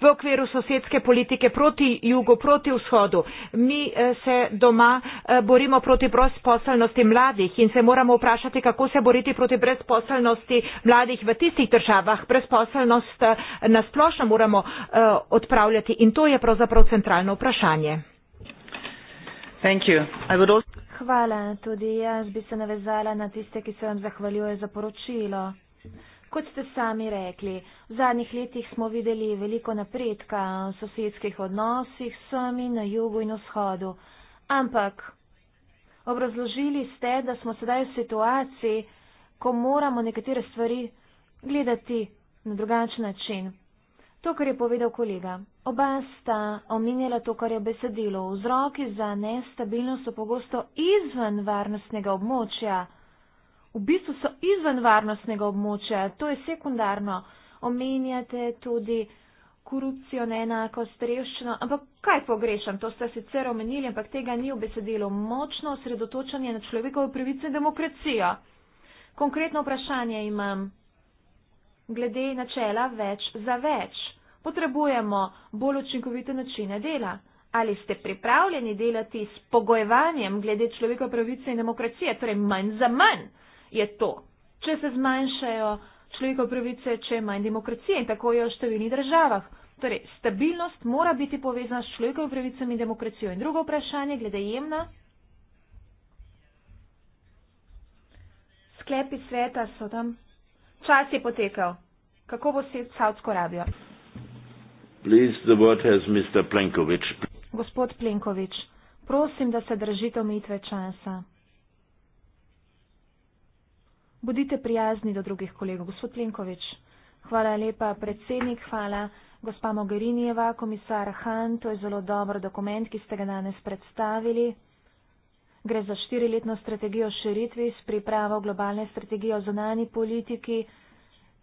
[SPEAKER 3] v okviru sosedske politike proti jugu, proti vzhodu. Mi eh, se doma eh, borimo proti brezposelnosti mladih in se moramo vprašati, kako se boriti proti brezposelnosti mladih v tistih državah. Brezposelnost eh, nasplošno moramo odpravljati in to je pravzaprav centralno vprašanje.
[SPEAKER 2] Hvala. Tudi jaz bi se navezala na tiste, ki se vam zahvaljuje za poročilo. Kot ste sami rekli, v zadnjih letih smo videli veliko napredka v sosedskih odnosih s vami na jugu in vzhodu, ampak obrazložili ste, da smo sedaj v situaciji, ko moramo nekatere stvari gledati na drugačen način. To, kar je povedal kolega, oba sta omenjala to, kar je besedilo. Vzroki za nestabilnost so pogosto izven varnostnega območja v bistvu so izven varnostnega območja, to je sekundarno. Omenjate tudi korupcijo, neenakost, revščino, ampak kaj pogrešam, to ste sicer omenili, ampak tega ni v besedilu. Močno osredotočanje na človekove pravice in demokracijo. Konkretno vprašanje imam glede načela več za več. Potrebujemo bolj učinkovite načine dela. Ali ste pripravljeni delati s pogojevanjem glede človekove pravice in demokracije, torej manj za manj? je to. Če se zmanjšajo človekov pravice, če je manj demokracije in tako je v številnih državah. Torej, stabilnost mora biti povezana s človekov pravicami in demokracijo. In drugo vprašanje, glede jemna. Sklepi sveta so tam. Čas je potekal. Kako bo se Saudsko Arabijo? Gospod Plenkovič, prosim, da se držite omitve časa. Bodite prijazni do drugih kolegov. Gospod Plenkovič, hvala lepa. Predsednik, hvala. Gospa Mogherinijeva, komisar Han, to je zelo dober dokument, ki ste ga danes predstavili. Gre za štiriletno strategijo širitvi s pripravo globalne strategije o zonani politiki,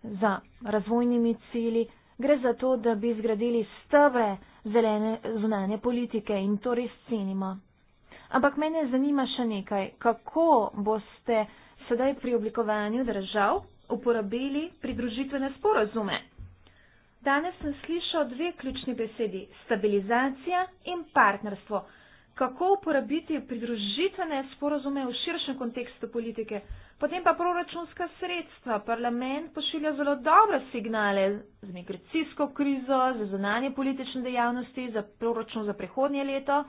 [SPEAKER 2] za razvojnimi cili. Gre za to, da bi zgradili stebre zelene zunanje politike in to res cenimo. Ampak mene zanima še nekaj, kako boste sedaj pri oblikovanju držav uporabili pridružitvene sporozume. Danes sem slišal dve ključni besedi – stabilizacija in partnerstvo. Kako uporabiti pridružitvene sporozume v širšem kontekstu politike? Potem pa proračunska sredstva. Parlament pošilja zelo dobre signale za migracijsko krizo, za zunanje politične dejavnosti, za proračun za prihodnje leto.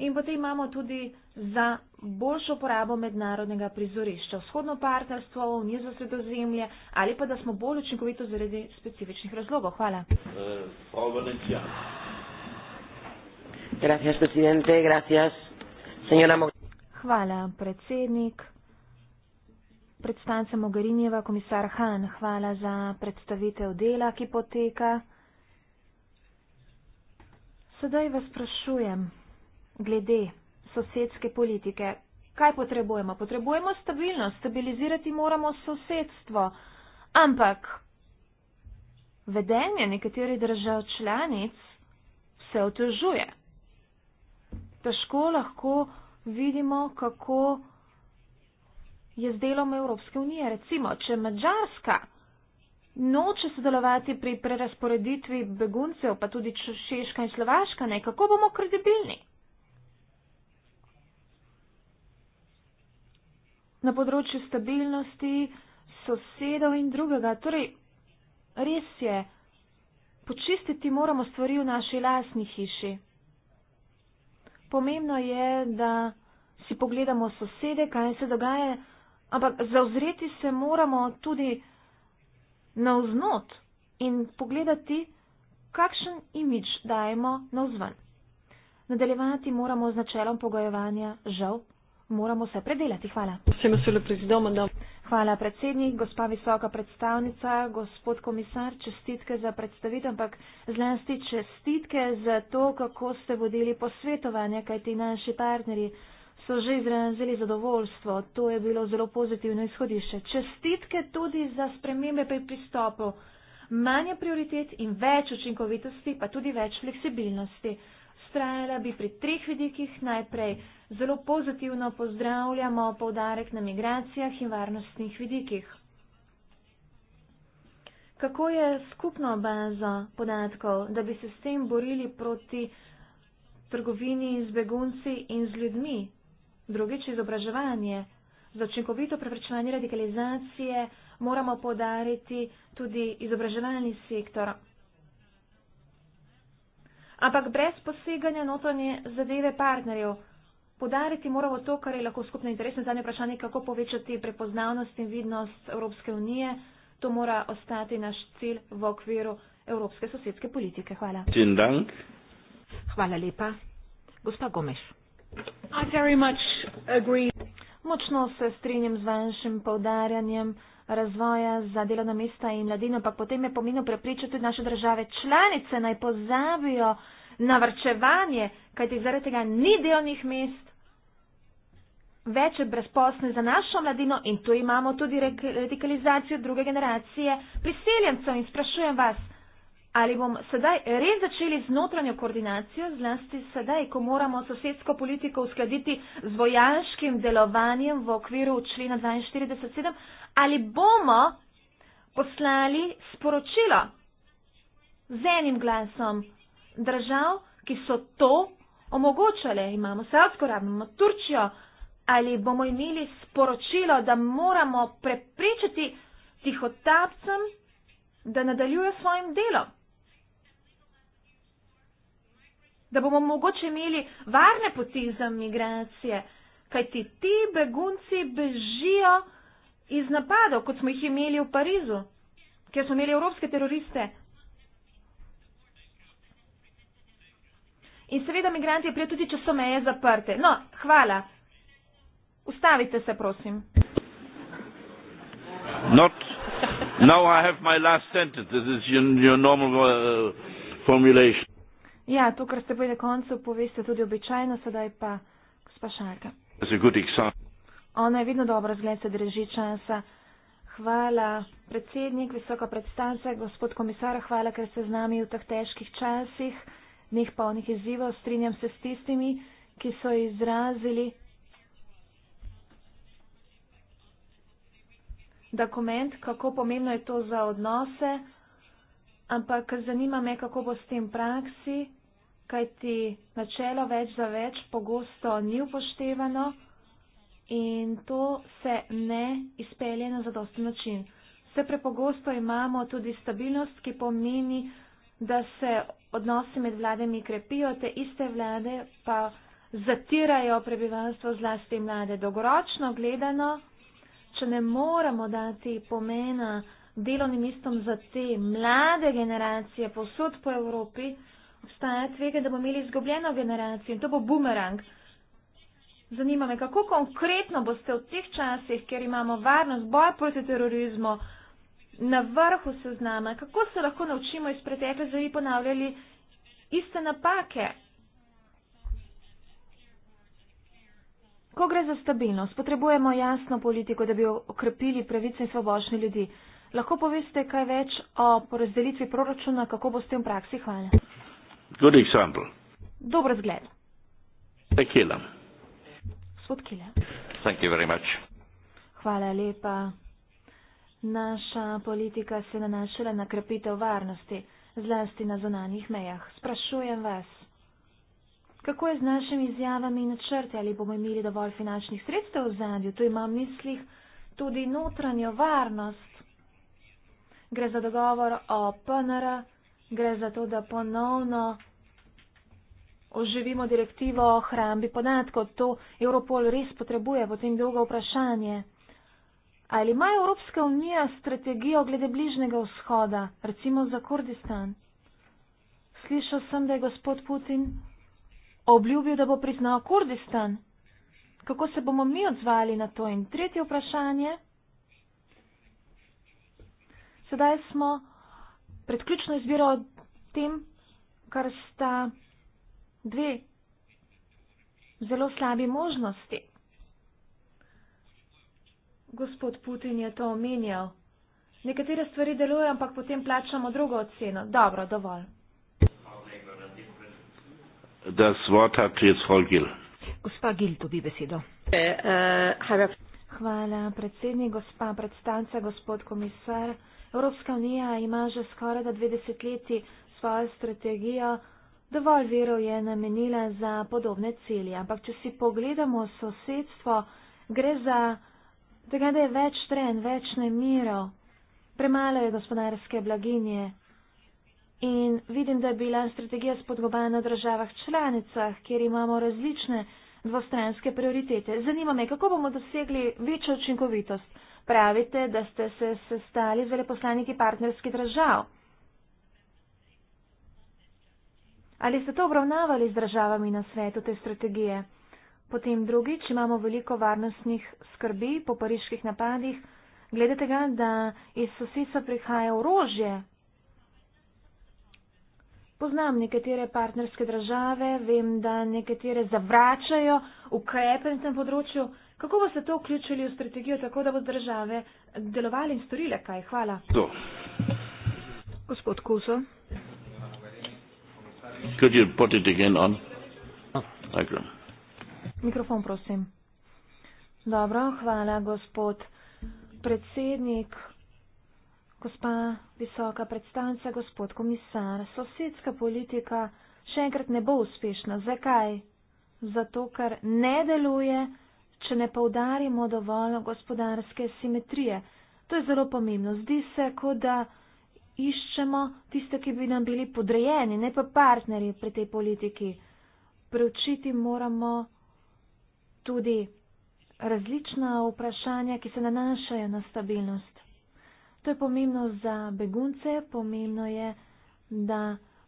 [SPEAKER 2] In potem imamo tudi za boljšo uporabo mednarodnega prizorišča, vzhodno partnerstvo, nizo sredozemlje ali pa da smo bolj učinkovito zaradi specifičnih razlogov. Hvala. Hvala, predsednik. Predstavnica Mogarinjeva, komisar Han, hvala za predstavitev dela, ki poteka. Sedaj vas sprašujem glede sosedske politike. Kaj potrebujemo? Potrebujemo stabilnost, stabilizirati moramo sosedstvo. Ampak vedenje nekaterih držav članic se otežuje. Težko lahko vidimo, kako je z delom Evropske unije. Recimo, če Mačarska noče sodelovati pri prerasporeditvi beguncev, pa tudi Češka in Slovaška, ne, kako bomo kredibilni? na področju stabilnosti sosedov in drugega. Torej, res je, počistiti moramo stvari v naši lasni hiši. Pomembno je, da si pogledamo sosede, kaj se dogaja, ampak zauzreti se moramo tudi navznot in pogledati, kakšen imič dajemo navzven. Nadaljevati moramo z načelom pogojevanja žal moramo se predelati. Hvala. Hvala predsednik, gospa visoka predstavnica, gospod komisar, čestitke za predstavitev, ampak zlasti čestitke za to, kako ste vodili posvetovanje, kaj ti naši partnerji so že izrazili zadovoljstvo. To je bilo zelo pozitivno izhodišče. Čestitke tudi za spremembe pri pristopu. Manje prioritet in več učinkovitosti, pa tudi več fleksibilnosti vztrajala bi pri treh vidikih. Najprej zelo pozitivno pozdravljamo povdarek na migracijah in varnostnih vidikih. Kako je skupno bazo podatkov, da bi se s tem borili proti trgovini z begunci in z ljudmi? Drugič, izobraževanje. Za učinkovito preprečevanje radikalizacije moramo podariti tudi izobraževalni sektor ampak brez poseganja notranje zadeve partnerjev. Podariti moramo to, kar je lahko skupno interesno. Zadnje vprašanje, kako povečati prepoznavnost in vidnost Evropske unije, to mora ostati naš cilj v okviru Evropske sosedske politike. Hvala. Hvala lepa. Gospa Gomeš. Močno se strinjam z vašim povdarjanjem razvoja, za delovna mesta in mladino, ampak potem je pomenil prepričati tudi naše države članice naj pozabijo na vrčevanje, kajti zaradi tega ni delovnih mest, več je brezposlenih za našo mladino in tu imamo tudi radikalizacijo druge generacije priseljencev in sprašujem vas, ali bomo sedaj res začeli z notranjo koordinacijo, zlasti sedaj, ko moramo sosedsko politiko uskladiti z vojaškim delovanjem v okviru člena 42.7 ali bomo poslali sporočilo z enim glasom držav, ki so to omogočale. Imamo Saudsko Arabijo, imamo Turčijo, ali bomo imeli sporočilo, da moramo prepričati tihotapcem, da nadaljujejo svojim delom. Da bomo mogoče imeli varne poti za migracije, kajti ti begunci bežijo iz napadov, kot smo jih imeli v Parizu, kjer smo imeli evropske teroriste. In seveda migranti prijo tudi, če so meje zaprte. No, hvala. Ustavite se, prosim.
[SPEAKER 3] Not, no, I have my last sentence. This is your, your normal uh, formulation.
[SPEAKER 2] Ja, to, kar ste povedali na koncu, poveste tudi običajno, sedaj pa gospa Šarka.
[SPEAKER 3] That's a good example.
[SPEAKER 2] Ona je vedno dobro zgled, se drži časa. Hvala, predsednik, visoka predstavnica, gospod komisar, hvala, ker ste z nami v teh težkih časih, njih polnih izzivov. Strinjam se s tistimi, ki so izrazili. dokument, kako pomembno je to za odnose, ampak zanima me, kako bo s tem praksi, kajti načelo več za več pogosto ni upoštevano in to se ne izpelje na zadosten način. Vse prepogosto imamo tudi stabilnost, ki pomeni, da se odnosi med vladami krepijo, te iste vlade pa zatirajo prebivalstvo zlasti mlade. Dolgoročno gledano, če ne moramo dati pomena delovnim mestom za te mlade generacije posod po Evropi, obstaja tvega, da bomo imeli izgubljeno generacijo in to bo bumerang. Zanima me, kako konkretno boste v teh časih, kjer imamo varnost, boj proti terorizmu na vrhu seznama, kako se lahko naučimo iz preteklosti, da bi ponavljali iste napake? Ko gre za stabilnost, potrebujemo jasno politiko, da bi okrepili pravice in svobošnje ljudi. Lahko poveste kaj več o porazdelitvi proračuna, kako boste v praksi? Hvala. Dober zgled. Tekelam. Gospod Kile. Thank you very much. Hvala lepa. Naša politika se nanašala na krepitev varnosti, zlasti na zonanih mejah. Sprašujem vas, kako je z našimi izjavami in načrti, ali bomo imeli dovolj finančnih sredstev v zadju? Tu imam v mislih tudi notranjo varnost. Gre za dogovor o PNR, gre za to, da ponovno oživimo direktivo o hrambi podatkov. To Europol res potrebuje, potem drugo vprašanje. Ali ima Evropska unija strategijo glede bližnjega vzhoda, recimo za Kurdistan? Slišal sem, da je gospod Putin obljubil, da bo priznal Kurdistan. Kako se bomo mi odzvali na to? In tretje vprašanje. Sedaj smo pred ključno izbiro o tem, kar sta dve zelo slabi možnosti. Gospod Putin je to omenjal. Nekatere stvari delujejo, ampak potem plačamo drugo oceno. Dobro, dovolj. Gospa Gil, dobi besedo. Eh, eh, hvala, predsednik, gospa predstavnica, gospod komisar. Evropska unija ima že skoraj da dve desetletji svojo strategijo dovolj verov je namenila za podobne cilje. Ampak, če si pogledamo sosedstvo, gre za tega, da je več tren, več nemirov, premalo je gospodarske blaginje. In vidim, da je bila strategija spodgobana v državah članicah, kjer imamo različne dvostranske prioritete. Zanima me, kako bomo dosegli večjo učinkovitost. Pravite, da ste se sestali z veleposlaniki partnerskih držav. Ali ste to obravnavali z državami na svetu, te strategije? Potem drugič imamo veliko varnostnih skrbi po pariških napadih. Glede tega, da iz sosedstva prihaja orožje. Poznam nekatere partnerske države, vem, da nekatere zavračajo ukrepe na tem področju. Kako boste to vključili v strategijo, tako da bodo države delovali in storile kaj? Hvala. Do. Gospod Kuso.
[SPEAKER 1] Could you put it again on? Mikrofon. No.
[SPEAKER 2] Mikrofon, prosim. Dobro, hvala, gospod predsednik, gospa visoka predstavnica, gospod komisar. Sosedska politika še enkrat ne bo uspešna. Zakaj? Zato, ker ne deluje, če ne povdarimo dovolj gospodarske simetrije. To je zelo pomembno. Zdi se, kot da iščemo tiste, ki bi nam bili podrejeni, ne pa partnerji pri tej politiki. Preučiti moramo tudi različna vprašanja, ki se nanašajo na stabilnost. To je pomembno za begunce, pomembno je, da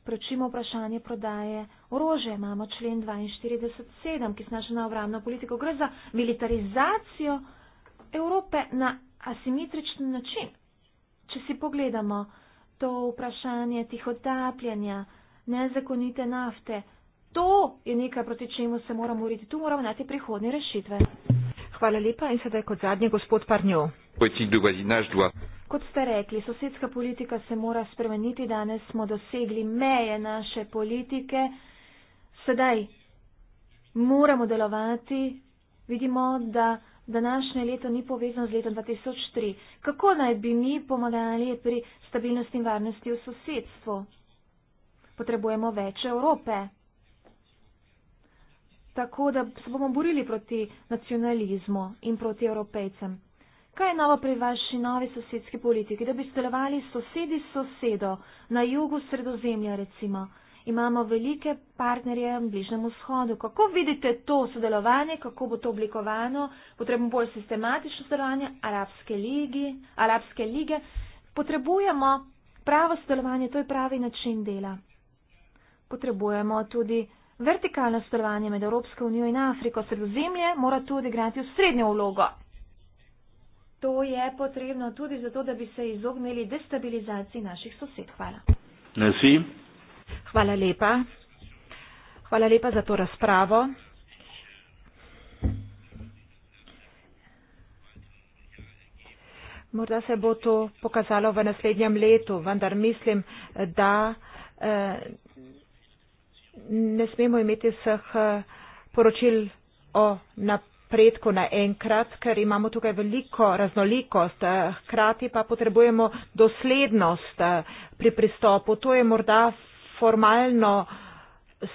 [SPEAKER 2] preučimo vprašanje prodaje orožja. Imamo člen 42.7, ki snaža na obramno politiko. Gre za militarizacijo Evrope na asimetričen način. Če si pogledamo, to vprašanje tihotapljanja nezakonite nafte. To je nekaj, proti čemu se moramo uriti. Tu moramo najti prihodne rešitve. Hvala lepa in sedaj kot zadnji gospod Parnjo. Kot ste rekli, sosedska politika se mora spremeniti. Danes smo dosegli meje naše politike. Sedaj moramo delovati. Vidimo, da današnje leto ni povezano z letom 2003. Kako naj bi mi pomagali pri stabilnosti in varnosti v sosedstvu? Potrebujemo več Evrope. Tako da se bomo borili proti nacionalizmu in proti evropejcem. Kaj je novo pri vaši novi sosedski politiki, da bi stelovali sosedi s sosedo na jugu sredozemlja recimo? imamo velike partnerje v Bližnem vzhodu. Kako vidite to sodelovanje, kako bo to oblikovano? Potrebno bolj sistematično sodelovanje Arabske, ligi, Arabske lige. Potrebujemo pravo sodelovanje, to je pravi način dela. Potrebujemo tudi vertikalno sodelovanje med Evropsko unijo in Afriko. Sredozemlje mora tu odigrati srednjo vlogo. To je potrebno tudi zato, da bi se izognili destabilizaciji naših sosed. Hvala.
[SPEAKER 3] Merci. Hvala lepa. Hvala lepa za to razpravo. Morda se bo to pokazalo v naslednjem letu, vendar mislim, da eh, ne smemo imeti vseh eh, poročil o napredku naenkrat, ker imamo tukaj veliko raznolikost, eh, hkrati pa potrebujemo doslednost pri pristopu. To je morda formalno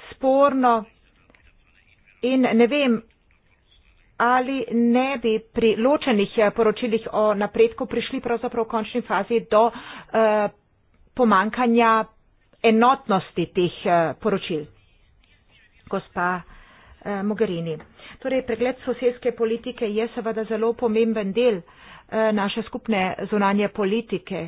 [SPEAKER 3] sporno in ne vem, ali ne bi pri ločenih eh, poročilih o napredku prišli pravzaprav v končni fazi do eh, pomankanja enotnosti teh eh, poročil. Gospa Mogherini. Torej, pregled sosedske politike je seveda zelo pomemben del naše skupne zunanje politike.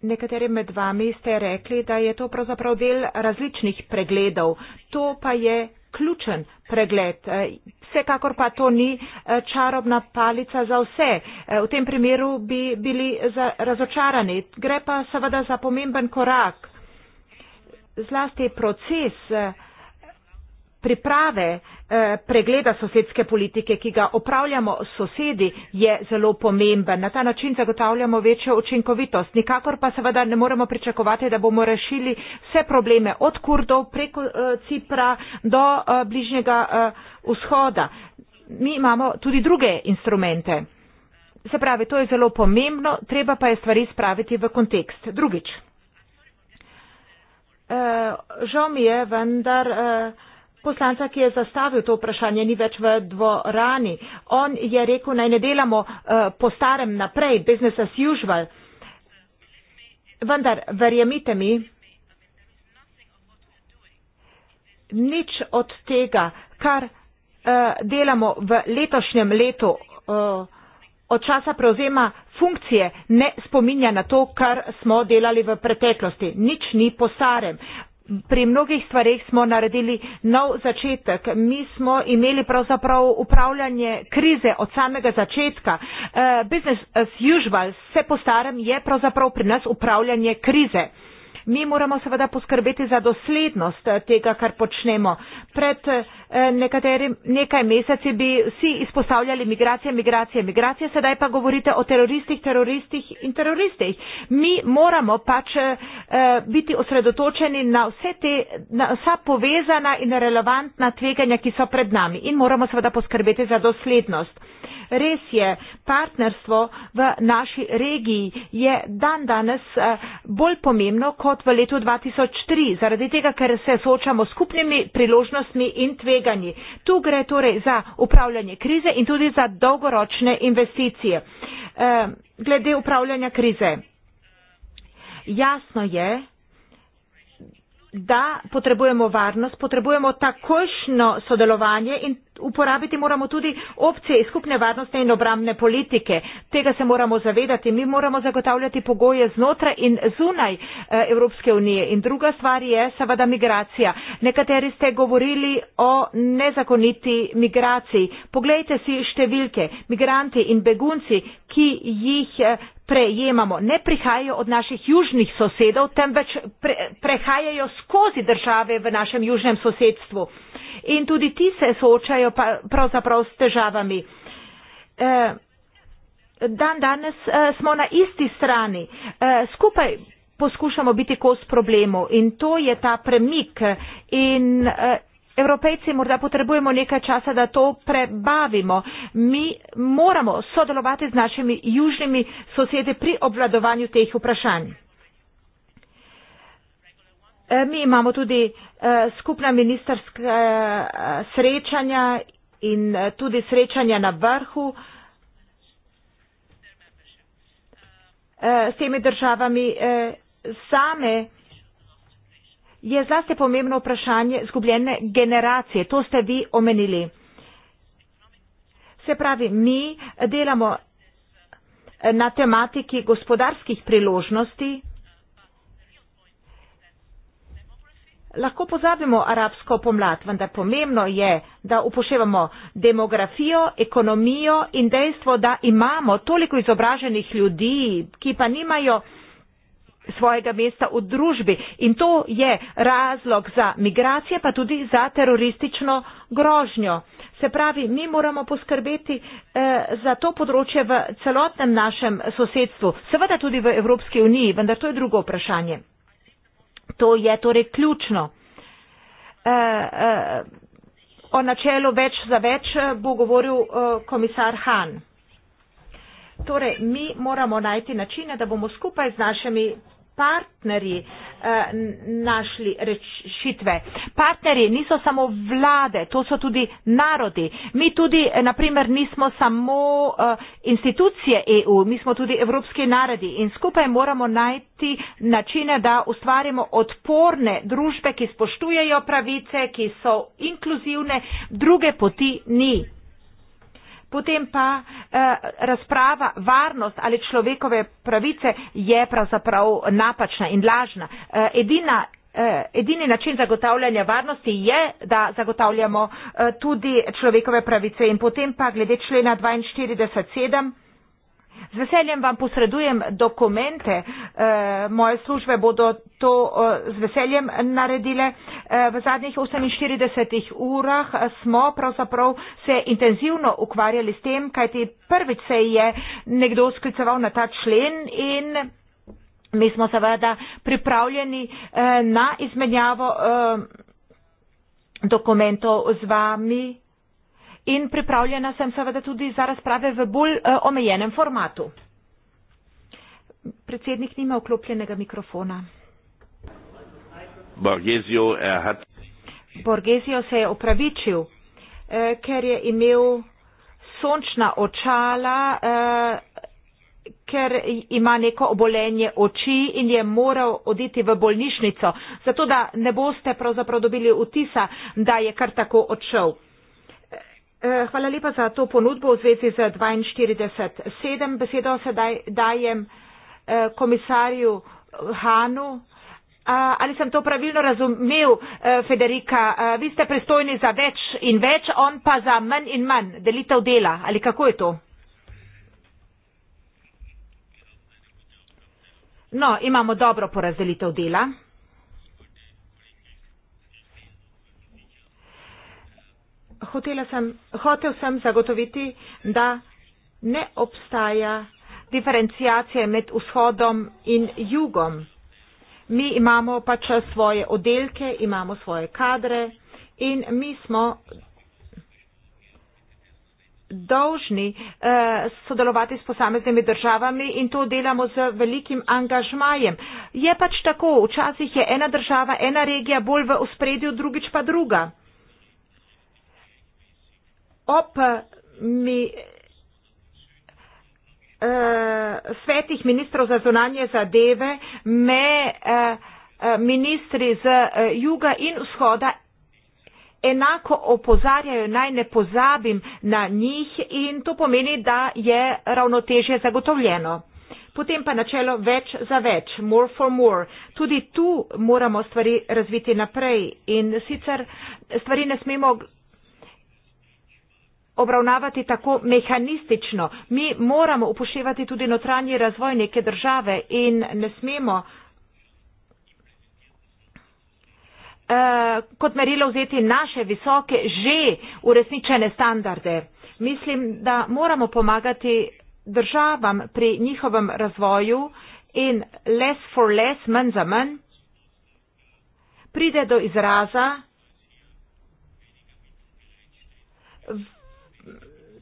[SPEAKER 3] Nekateri med vami ste rekli, da je to pravzaprav del različnih pregledov. To pa je ključen pregled. E, vsekakor pa to ni e, čarobna palica za vse. E, v tem primeru bi bili razočarani. Gre pa seveda za pomemben korak. Zlasti proces Priprave eh, pregleda sosedske politike, ki ga opravljamo s sosedi, je zelo pomemben. Na ta način zagotavljamo večjo učinkovitost. Nikakor pa seveda ne moremo pričakovati, da bomo rešili vse probleme od Kurdov preko eh, Cipra do eh, bližnjega eh, vzhoda. Mi imamo tudi druge instrumente. Se pravi, to je zelo pomembno, treba pa je stvari spraviti v kontekst. Drugič. Eh, žal mi je, vendar. Eh, poslanca, ki je zastavil to vprašanje, ni več v dvorani. On je rekel, naj ne delamo uh, po starem naprej, business as usual. Vendar, verjemite mi, nič od tega, kar uh, delamo v letošnjem letu uh, od časa prevzema funkcije, ne spominja na to, kar smo delali v preteklosti. Nič ni po starem pri mnogih stvarih smo naredili nov začetek. Mi smo imeli pravzaprav upravljanje krize od samega začetka. Uh, business as usual, vse po starem je pravzaprav pri nas upravljanje krize. Mi moramo seveda poskrbeti za doslednost eh, tega, kar počnemo. Pred eh, nekaterim, nekaj meseci bi vsi izpostavljali migracije, migracije, migracije, sedaj pa govorite o teroristih, teroristih in teroristih. Mi moramo pač eh, biti osredotočeni na, te, na vsa povezana in relevantna tveganja, ki so pred nami in moramo seveda poskrbeti za doslednost. Res je, partnerstvo v naši regiji je dan danes eh, bolj pomembno kot v letu 2003, zaradi tega, ker se soočamo s skupnimi priložnostmi in tveganji. Tu gre torej za upravljanje krize in tudi za dolgoročne investicije. Eh, glede upravljanja krize. Jasno je, da potrebujemo varnost, potrebujemo takošno sodelovanje in uporabiti moramo tudi opcije iz skupne varnostne in obramne politike. Tega se moramo zavedati. Mi moramo zagotavljati pogoje znotraj in zunaj eh, Evropske unije. In druga stvar je seveda migracija. Nekateri ste govorili o nezakoniti migraciji. Poglejte si številke. Migranti in begunci, ki jih eh, prejemamo, ne prihajajo od naših južnih sosedov, temveč pre, prehajajo skozi države v našem južnem sosedstvu. In tudi ti se soočajo soočajo pa, pravzaprav s težavami. E, dan danes e, smo na isti strani. E, skupaj poskušamo biti kos problemu in to je ta premik. In e, evropejci morda potrebujemo nekaj časa, da to prebavimo. Mi moramo sodelovati z našimi južnimi sosedi pri obvladovanju teh vprašanj. Eh, mi imamo tudi eh, skupna ministerska eh, srečanja in tudi srečanja na vrhu s temi državami. Same je zase pomembno vprašanje zgubljene generacije. To ste vi omenili. Se pravi, mi delamo na tematiki gospodarskih priložnosti. lahko pozabimo arabsko pomlad, vendar pomembno je, da upoštevamo demografijo, ekonomijo in dejstvo, da imamo toliko izobraženih ljudi, ki pa nimajo svojega mesta v družbi. In to je razlog za migracije, pa tudi za teroristično grožnjo. Se pravi, mi moramo poskrbeti eh, za to področje v celotnem našem sosedstvu, seveda tudi v Evropski uniji, vendar to je drugo vprašanje. To je torej ključno. E, e, o načelu več za več eh, bo govoril e, komisar Han. Torej, mi moramo najti načine, da bomo skupaj z našimi partnerji eh, našli rešitve. Partnerji niso samo vlade, to so tudi narodi. Mi tudi, eh, na primer, nismo samo eh, institucije EU, mi smo tudi evropski narodi in skupaj moramo najti načine, da ustvarimo odporne družbe, ki spoštujejo pravice, ki so inkluzivne, druge poti ni potem pa eh, razprava varnost ali človekove pravice je pravzaprav napačna in lažna. Eh, edina, eh, edini način zagotavljanja varnosti je, da zagotavljamo eh, tudi človekove pravice in potem pa glede člena 42.7. Z veseljem vam posredujem dokumente, eh, moje službe bodo to eh, z veseljem naredile. Eh, v zadnjih 48 urah smo pravzaprav se intenzivno ukvarjali s tem, kajti prvič se je nekdo skliceval na ta člen in. Mi smo seveda pripravljeni na izmenjavo dokumentov z vami in pripravljena sem seveda tudi za razprave v bolj eh, omejenem formatu. Predsednik nima vklopljenega mikrofona.
[SPEAKER 2] Borgesio,
[SPEAKER 1] eh, hat...
[SPEAKER 3] Borgesio se je opravičil, eh, ker je imel sončna očala, eh, ker ima neko obolenje oči in je moral oditi v bolnišnico, zato da ne boste pravzaprav dobili vtisa, da je kar tako odšel. Eh, hvala lepa za to ponudbo v zvezi z 42.7. Besedo sedaj dajem eh, komisarju Hanu. Ali sem to pravilno razumel, eh, Federika? Vi ste pristojni za več in več, on pa za manj in manj delitev dela. Ali kako je to? No, imamo dobro porazdelitev dela. hotela sem, hotel sem zagotoviti, da ne obstaja diferencijacije med vzhodom in jugom. Mi imamo pač svoje oddelke, imamo svoje kadre in mi smo dolžni eh, sodelovati s posameznimi državami in to delamo z velikim angažmajem. Je pač tako, včasih je ena država, ena regija bolj v ospredju, drugič pa druga ob eh, mi, eh, svetih ministrov za zunanje zadeve me eh, eh, ministri z eh, juga in vzhoda enako opozarjajo, naj ne pozabim na njih in to pomeni, da je ravnotežje zagotovljeno. Potem pa načelo več za več, more for more. Tudi tu moramo stvari razviti naprej in sicer stvari ne smemo obravnavati tako mehanistično. Mi moramo upoštevati tudi notranji razvoj neke države in ne smemo eh, kot merilo vzeti naše visoke, že uresničene standarde. Mislim, da moramo pomagati državam pri njihovem razvoju in less for less, manj za manj, pride do izraza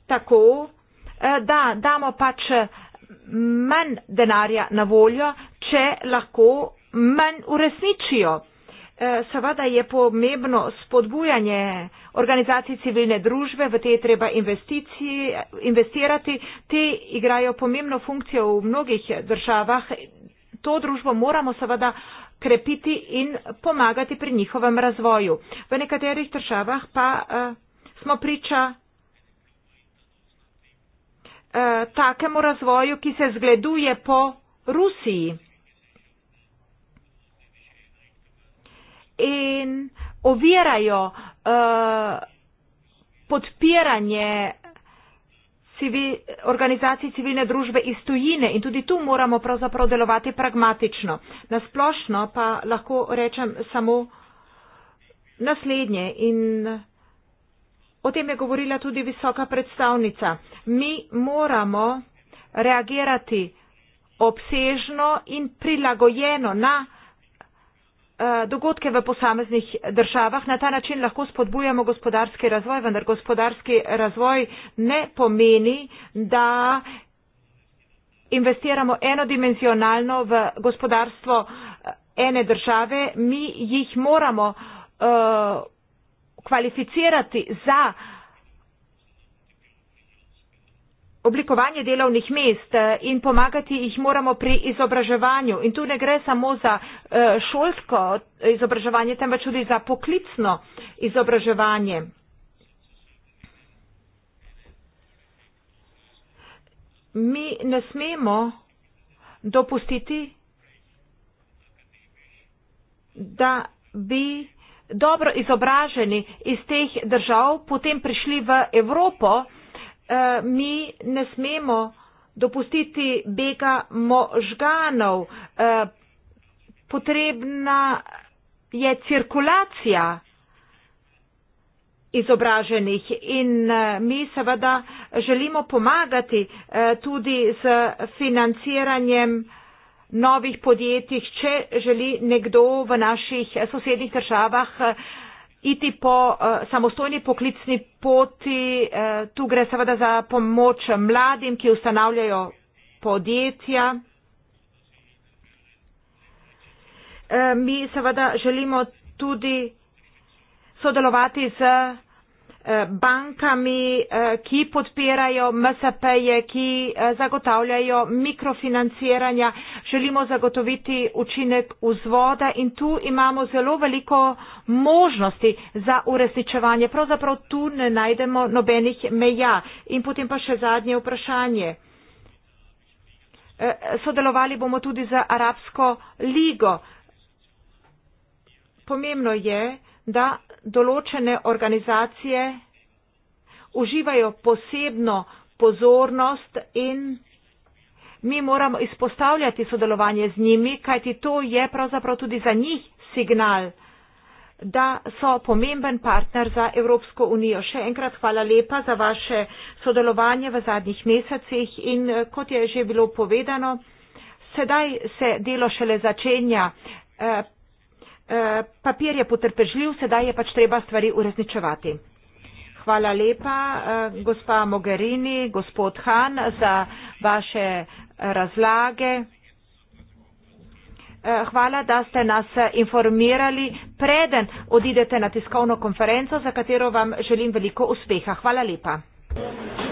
[SPEAKER 3] tako, eh, da damo pač manj denarja na voljo, če lahko manj uresničijo. Eh, seveda je pomembno spodbujanje organizacij civilne družbe, v te je treba investirati, te igrajo pomembno funkcijo v mnogih državah. To družbo moramo seveda krepiti in pomagati pri njihovem razvoju. V nekaterih državah pa eh, smo priča Eh, takemu razvoju, ki se zgleduje po Rusiji. In ovirajo uh, podpiranje civi, organizacij civilne družbe iz tujine in tudi tu moramo pravzaprav delovati pragmatično. Nasplošno pa lahko rečem samo naslednje in O tem je govorila tudi visoka predstavnica. Mi moramo reagirati obsežno in prilagojeno na eh, dogodke v posameznih državah. Na ta način lahko spodbujamo gospodarski razvoj, vendar gospodarski razvoj ne pomeni, da investiramo enodimenzionalno v gospodarstvo eh, ene države. Mi jih moramo uh, kvalificirati za oblikovanje delovnih mest eh, in pomagati jih moramo pri izobraževanju. In tu ne gre samo za eh, šolsko eh, izobraževanje, temveč tudi za poklicno izobraževanje. Mi ne smemo dopustiti, da bi dobro izobraženi iz teh držav potem prišli v Evropo, eh, mi ne smemo dopustiti bega možganov. Eh, potrebna je cirkulacija izobraženih in eh, mi seveda želimo pomagati tudi z financiranjem novih podjetjih, če želi nekdo v naših sosednjih državah eh, iti po eh, samostojni poklicni poti. Eh, tu gre seveda za pomoč mladim, ki ustanavljajo podjetja. Mi seveda želimo tudi sodelovati z bankami, eh, ki podpirajo MSP-je, ki eh, zagotavljajo mikrofinanciranja. Želimo zagotoviti učinek vzvoda in tu imamo zelo veliko možnosti za uresničevanje. Pravzaprav tu ne najdemo nobenih meja. In potem pa še zadnje vprašanje. Eh, sodelovali bomo tudi z Arabsko ligo. Pomembno je, da določene organizacije uživajo posebno pozornost in mi moramo izpostavljati sodelovanje z njimi, kajti to je pravzaprav tudi za njih signal, da so pomemben partner za Evropsko unijo. Še enkrat hvala lepa za vaše sodelovanje v zadnjih mesecih in eh, kot je že bilo povedano, sedaj se delo šele začenja. Eh, Eh, papir je potrpežljiv, sedaj je pač treba stvari uresničevati. Hvala lepa, eh, gospa Mogherini, gospod Han, za vaše razlage. Eh, hvala, da ste nas informirali, preden odidete na tiskovno konferenco, za katero vam želim veliko uspeha. Hvala
[SPEAKER 2] lepa.